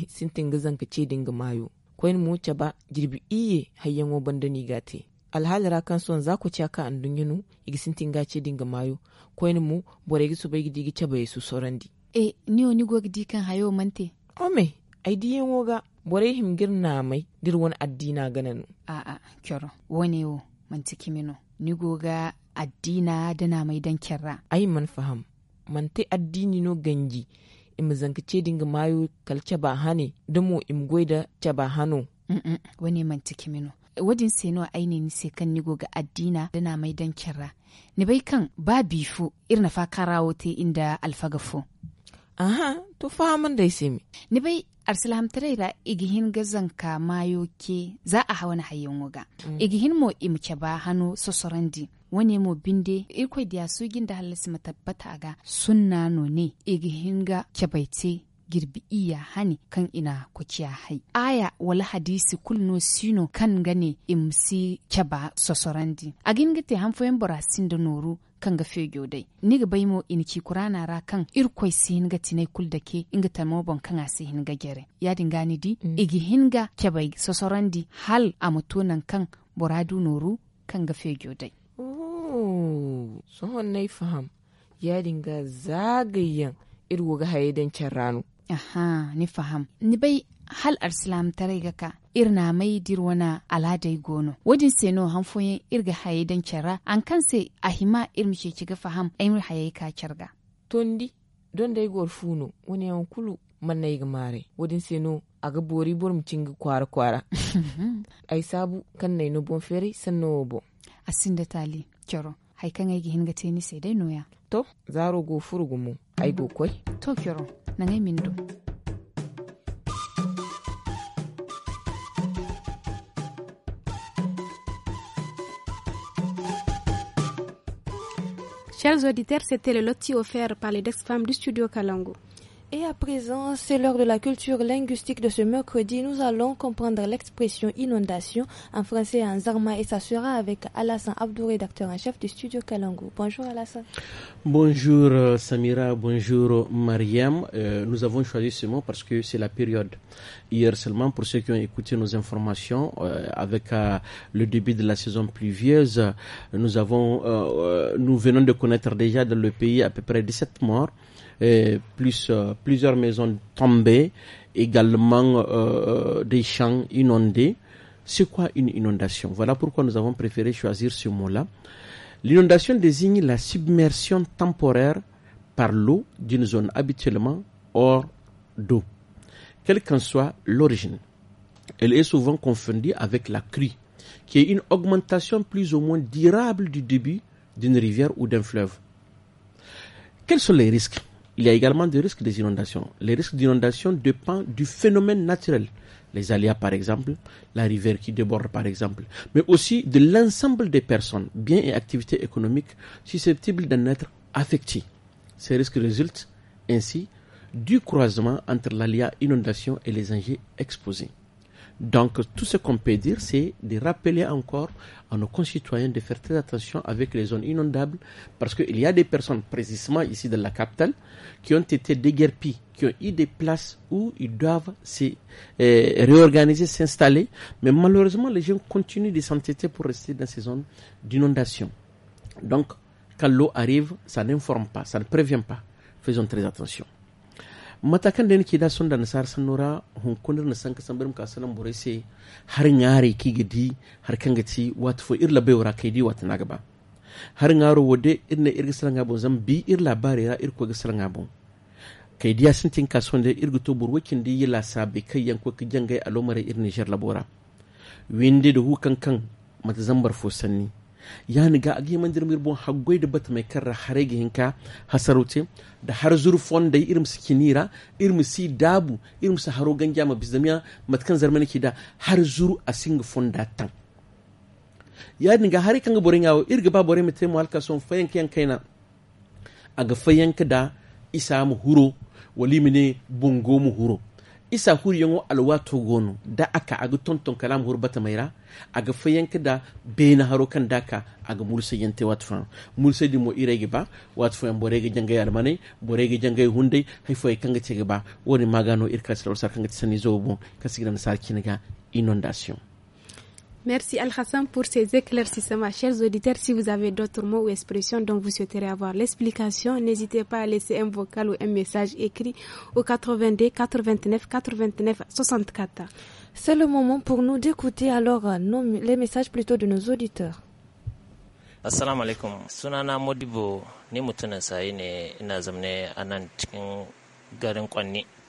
sintin gazanka ce dinga mayo koyin mu ba jirbi iye hayan wa bandani gate alhalira kan son za ku aka an dunyinu igisin tinga ce dinga mayo yin mu bore gi su bai gidi gi bai su di. e ni oni go gidi kan hayo mante ome ai yin woga bore him girna mai dir wani addina gananu a a kyoro wani wo mantiki mino ni goga addina dana mai dan kyarra ai man faham mante addini no ganji im ce dinga mayo kal caba hane dumu im goida ce ba hano wani -mm. wani mantiki mino wajen sai nawa ainihin sai kan nigo ga addina dana mai dan kira ni bai kan ba bifu irna fa karawo te inda alfagafo aha to fa fahamin dai semi ni bai arsilam tarayra igihin gazan ka mayo ke za a hawa na hayyan waga mm. igihin mo imke ba hannu sosorandi wani mo binde ikwai da su ginda halasi matabbata ga sunna no ne igihin ga kebaice girbi iya hani kan ina kukiya hai aya wala hadisi kulno sino kan gane imsi keba sosorandi agin gite hanfoyen borasin da noru kan ga fegyo dai ni ga bai mo in ki kurana ra kan irkoi si hinga tinai kul da ke inga ta bon kan asi hinga gere ya dinga di mm. igi hinga ke sosorandi hal a mutunan kan boradu noru kan ga fegyo dai oh na yi faham ya dinga zagayen irwo ga hayedan can aha ni faham ni bai hal arsilam gaka ka irna mai dirwana aladai gono wajin seno hanfoyin irga haye dan cara an kanse irin irmishe kiga faham aimir haye ka carga tondi don dai gor funo wani yan kulu man na mare wajen seno a ga bori borum cin kwara kwara <laughs> ai sabu kan na ino bon feri nawa bo da tali kyaro. haikan ai gihin gate sai dai noya to zaro go furugumu, ai go koi to kiro nan ai mindo Chers auditeurs, c'était le loti offert par les Dex Femmes du studio Kalango. Et à présent, c'est l'heure de la culture linguistique de ce mercredi. Nous allons comprendre l'expression inondation en français en zarma et ça sera avec Alassane Abdou, rédacteur en chef du studio Kalangou. Bonjour Alassane. Bonjour euh, Samira, bonjour Mariam. Euh, nous avons choisi ce mot parce que c'est la période. Hier seulement, pour ceux qui ont écouté nos informations, euh, avec le début de la saison pluvieuse, nous avons, nous venons de connaître déjà dans le pays à peu près 17 morts plus euh, plusieurs maisons tombées, également euh, euh, des champs inondés. C'est quoi une inondation Voilà pourquoi nous avons préféré choisir ce mot-là. L'inondation désigne la submersion temporaire par l'eau d'une zone habituellement hors d'eau, quelle qu'en soit l'origine. Elle est souvent confondue avec la crue, qui est une augmentation plus ou moins durable du débit d'une rivière ou d'un fleuve. Quels sont les risques il y a également des risques des inondations. Les risques d'inondation dépendent du phénomène naturel. Les aléas, par exemple, la rivière qui déborde, par exemple, mais aussi de l'ensemble des personnes, biens et activités économiques susceptibles d'en être affectées. Ces risques résultent ainsi du croisement entre l'aléa inondation et les enjeux exposés. Donc tout ce qu'on peut dire, c'est de rappeler encore à nos concitoyens de faire très attention avec les zones inondables, parce qu'il y a des personnes précisément ici dans la capitale qui ont été déguerpies, qui ont eu des places où ils doivent se euh, réorganiser, s'installer, mais malheureusement les gens continuent de s'entêter pour rester dans ces zones d'inondation. Donc quand l'eau arrive, ça n'informe pas, ça ne prévient pas. Faisons très attention. matakan da nake da sun da nasar san nora hunkunar na san kasan birim kasalan bore har ngare ki gidi har kan gati wato fo irla bai wara kai di wato na gaba har ngaro wode inna irga san gabo zan bi ir labari ra ir ko ga san gabo kai diya sun tin da irga to burwakin di yila sabe kai yanko ka jangai alomare ir Niger labora winde da hukan kan mata zambar sanni. yaniga agi mandir mir bon da de mai karra harege hinka hasarote da har zurfon da irim sikinira irim si dabu irim sa haro ganja ma bizamiya matkan zarmani ki da har zuru asing fonda tan yaniga hari kanga borenga irga ba bore mete halka son fayan kayan kaina aga fayan da isa mu huro wali bungo mu huro isa huriyon alwa togonu da aka aga tonton kalam hurbata maira aga fayanka da bena haro kan daka aga mulsa yente watfan mulsa di mo irege ba watfan borege jangay yarmane borege jangay hunde hay foy kanga cege ba wani magano irkasal sar kanga tsani zobo kasiran sar kinaga inondation Merci Al-Hassan pour ces éclaircissements. Chers auditeurs, si vous avez d'autres mots ou expressions dont vous souhaiterez avoir l'explication, n'hésitez pas à laisser un vocal ou un message écrit au 82 89 89 64. C'est le moment pour nous d'écouter alors euh, les messages plutôt de nos auditeurs. Assalamu alaikum. Sunana Modibo, ni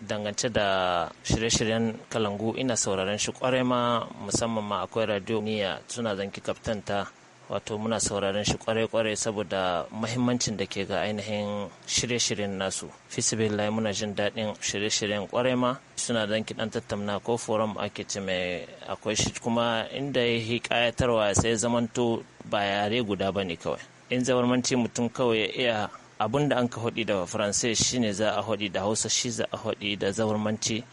dangance da shirye-shiryen kalangu ina sauraron shi kwarai ma musamman ma akwai radio niya suna zanki kaftanta wato muna sauraron shi kwarai-kwarai saboda mahimmancin da ke ga ainihin shirye-shiryen nasu fisibilai muna jin daɗin shirye-shiryen kwarai ma suna zanki ɗan tattauna ko forum ake ce mai akwai shi kuma inda ya yi ƙayatarwa sai zamanto ba yare guda ba ne kawai in zamanci mutum kawai ya iya abin da an ka hudi da faransai shine za a hudi da hausa shi za a hudi da zaurmanci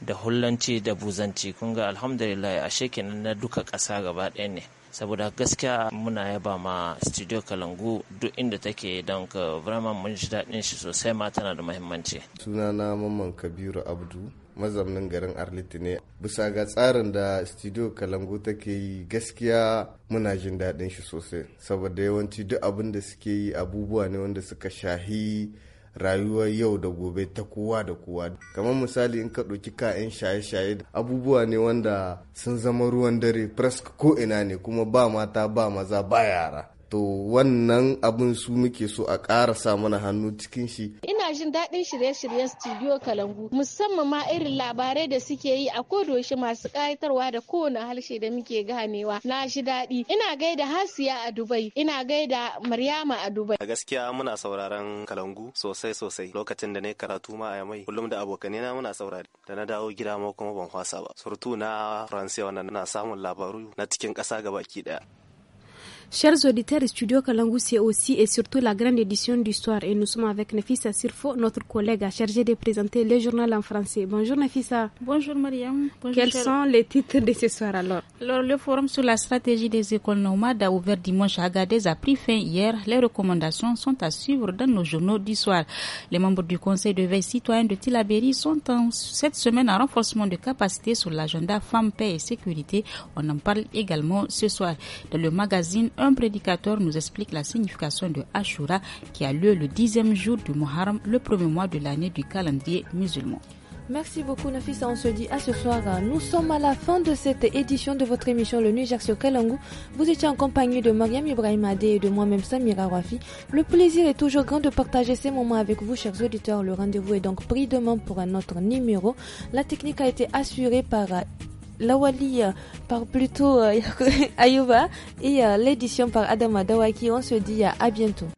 da hullanci da buzanci kun ga alhamdulillah a na duka ƙasa gaba ɗaya ne saboda gaskiya muna yaba ma studio kalangu duk inda take don ka vraiment mun ji daɗin shi sosai ma tana da muhimmanci sunana mamman kabiru abdu mazaunin garin arliti ne bisa ga tsarin da studio kalangu take yi gaskiya muna jin daɗin shi sosai saboda yawanci duk abin da suke yi abubuwa ne wanda suka shahi rayuwar yau da gobe ta kowa da kowa kamar misali in ka ɗauki kayan shaye-shaye abubuwa ne wanda sun zama ruwan dare ko ina ne kuma ba mata ba maza ba yara to wannan abin su muke so a ƙara sa mana hannu cikin shi ina jin daɗin shirye-shiryen studio kalangu musamman ma irin labarai da suke yi a kodoshi masu ƙayatarwa da kowane harshe da muke ganewa na shi daɗi ina gaida hasiya a dubai ina gaida maryama a dubai a gaskiya muna sauraron kalangu sosai sosai lokacin da na yi karatu ma a mai kullum da abokanai na muna saurari da na dawo gida ma kuma ban kwasa ba surtu na faransiya wannan na samun labaru na cikin ƙasa gabaki ɗaya Chers auditeurs, Studio Kalangu, c'est aussi et surtout la grande édition du soir. Et nous sommes avec Nefissa Sirfo, notre collègue chargée de présenter les journal en français. Bonjour Nefissa. Bonjour Mariam. Quels sont les titres de ce soir alors Alors, le forum sur la stratégie des écoles nomades a ouvert dimanche à Agadez a pris fin hier. Les recommandations sont à suivre dans nos journaux du soir. Les membres du Conseil de veille citoyen de Tilaberi sont en, cette semaine en renforcement de capacité sur l'agenda femmes, paix et sécurité. On en parle également ce soir. Dans le magazine un prédicateur nous explique la signification de Ashura qui a lieu le dixième jour du Muharram, le premier mois de l'année du calendrier musulman. Merci beaucoup Nafisa, on se dit à ce soir. Hein. Nous sommes à la fin de cette édition de votre émission Le Niger sur Kalangou. Vous étiez en compagnie de Mariam Ibrahim et de moi-même Samira Wafi. Le plaisir est toujours grand de partager ces moments avec vous chers auditeurs. Le rendez-vous est donc pris demain pour un autre numéro. La technique a été assurée par euh, Lawali euh, par plutôt euh, <laughs> Ayuba et euh, l'édition par Adama Dawaki. On se dit à bientôt.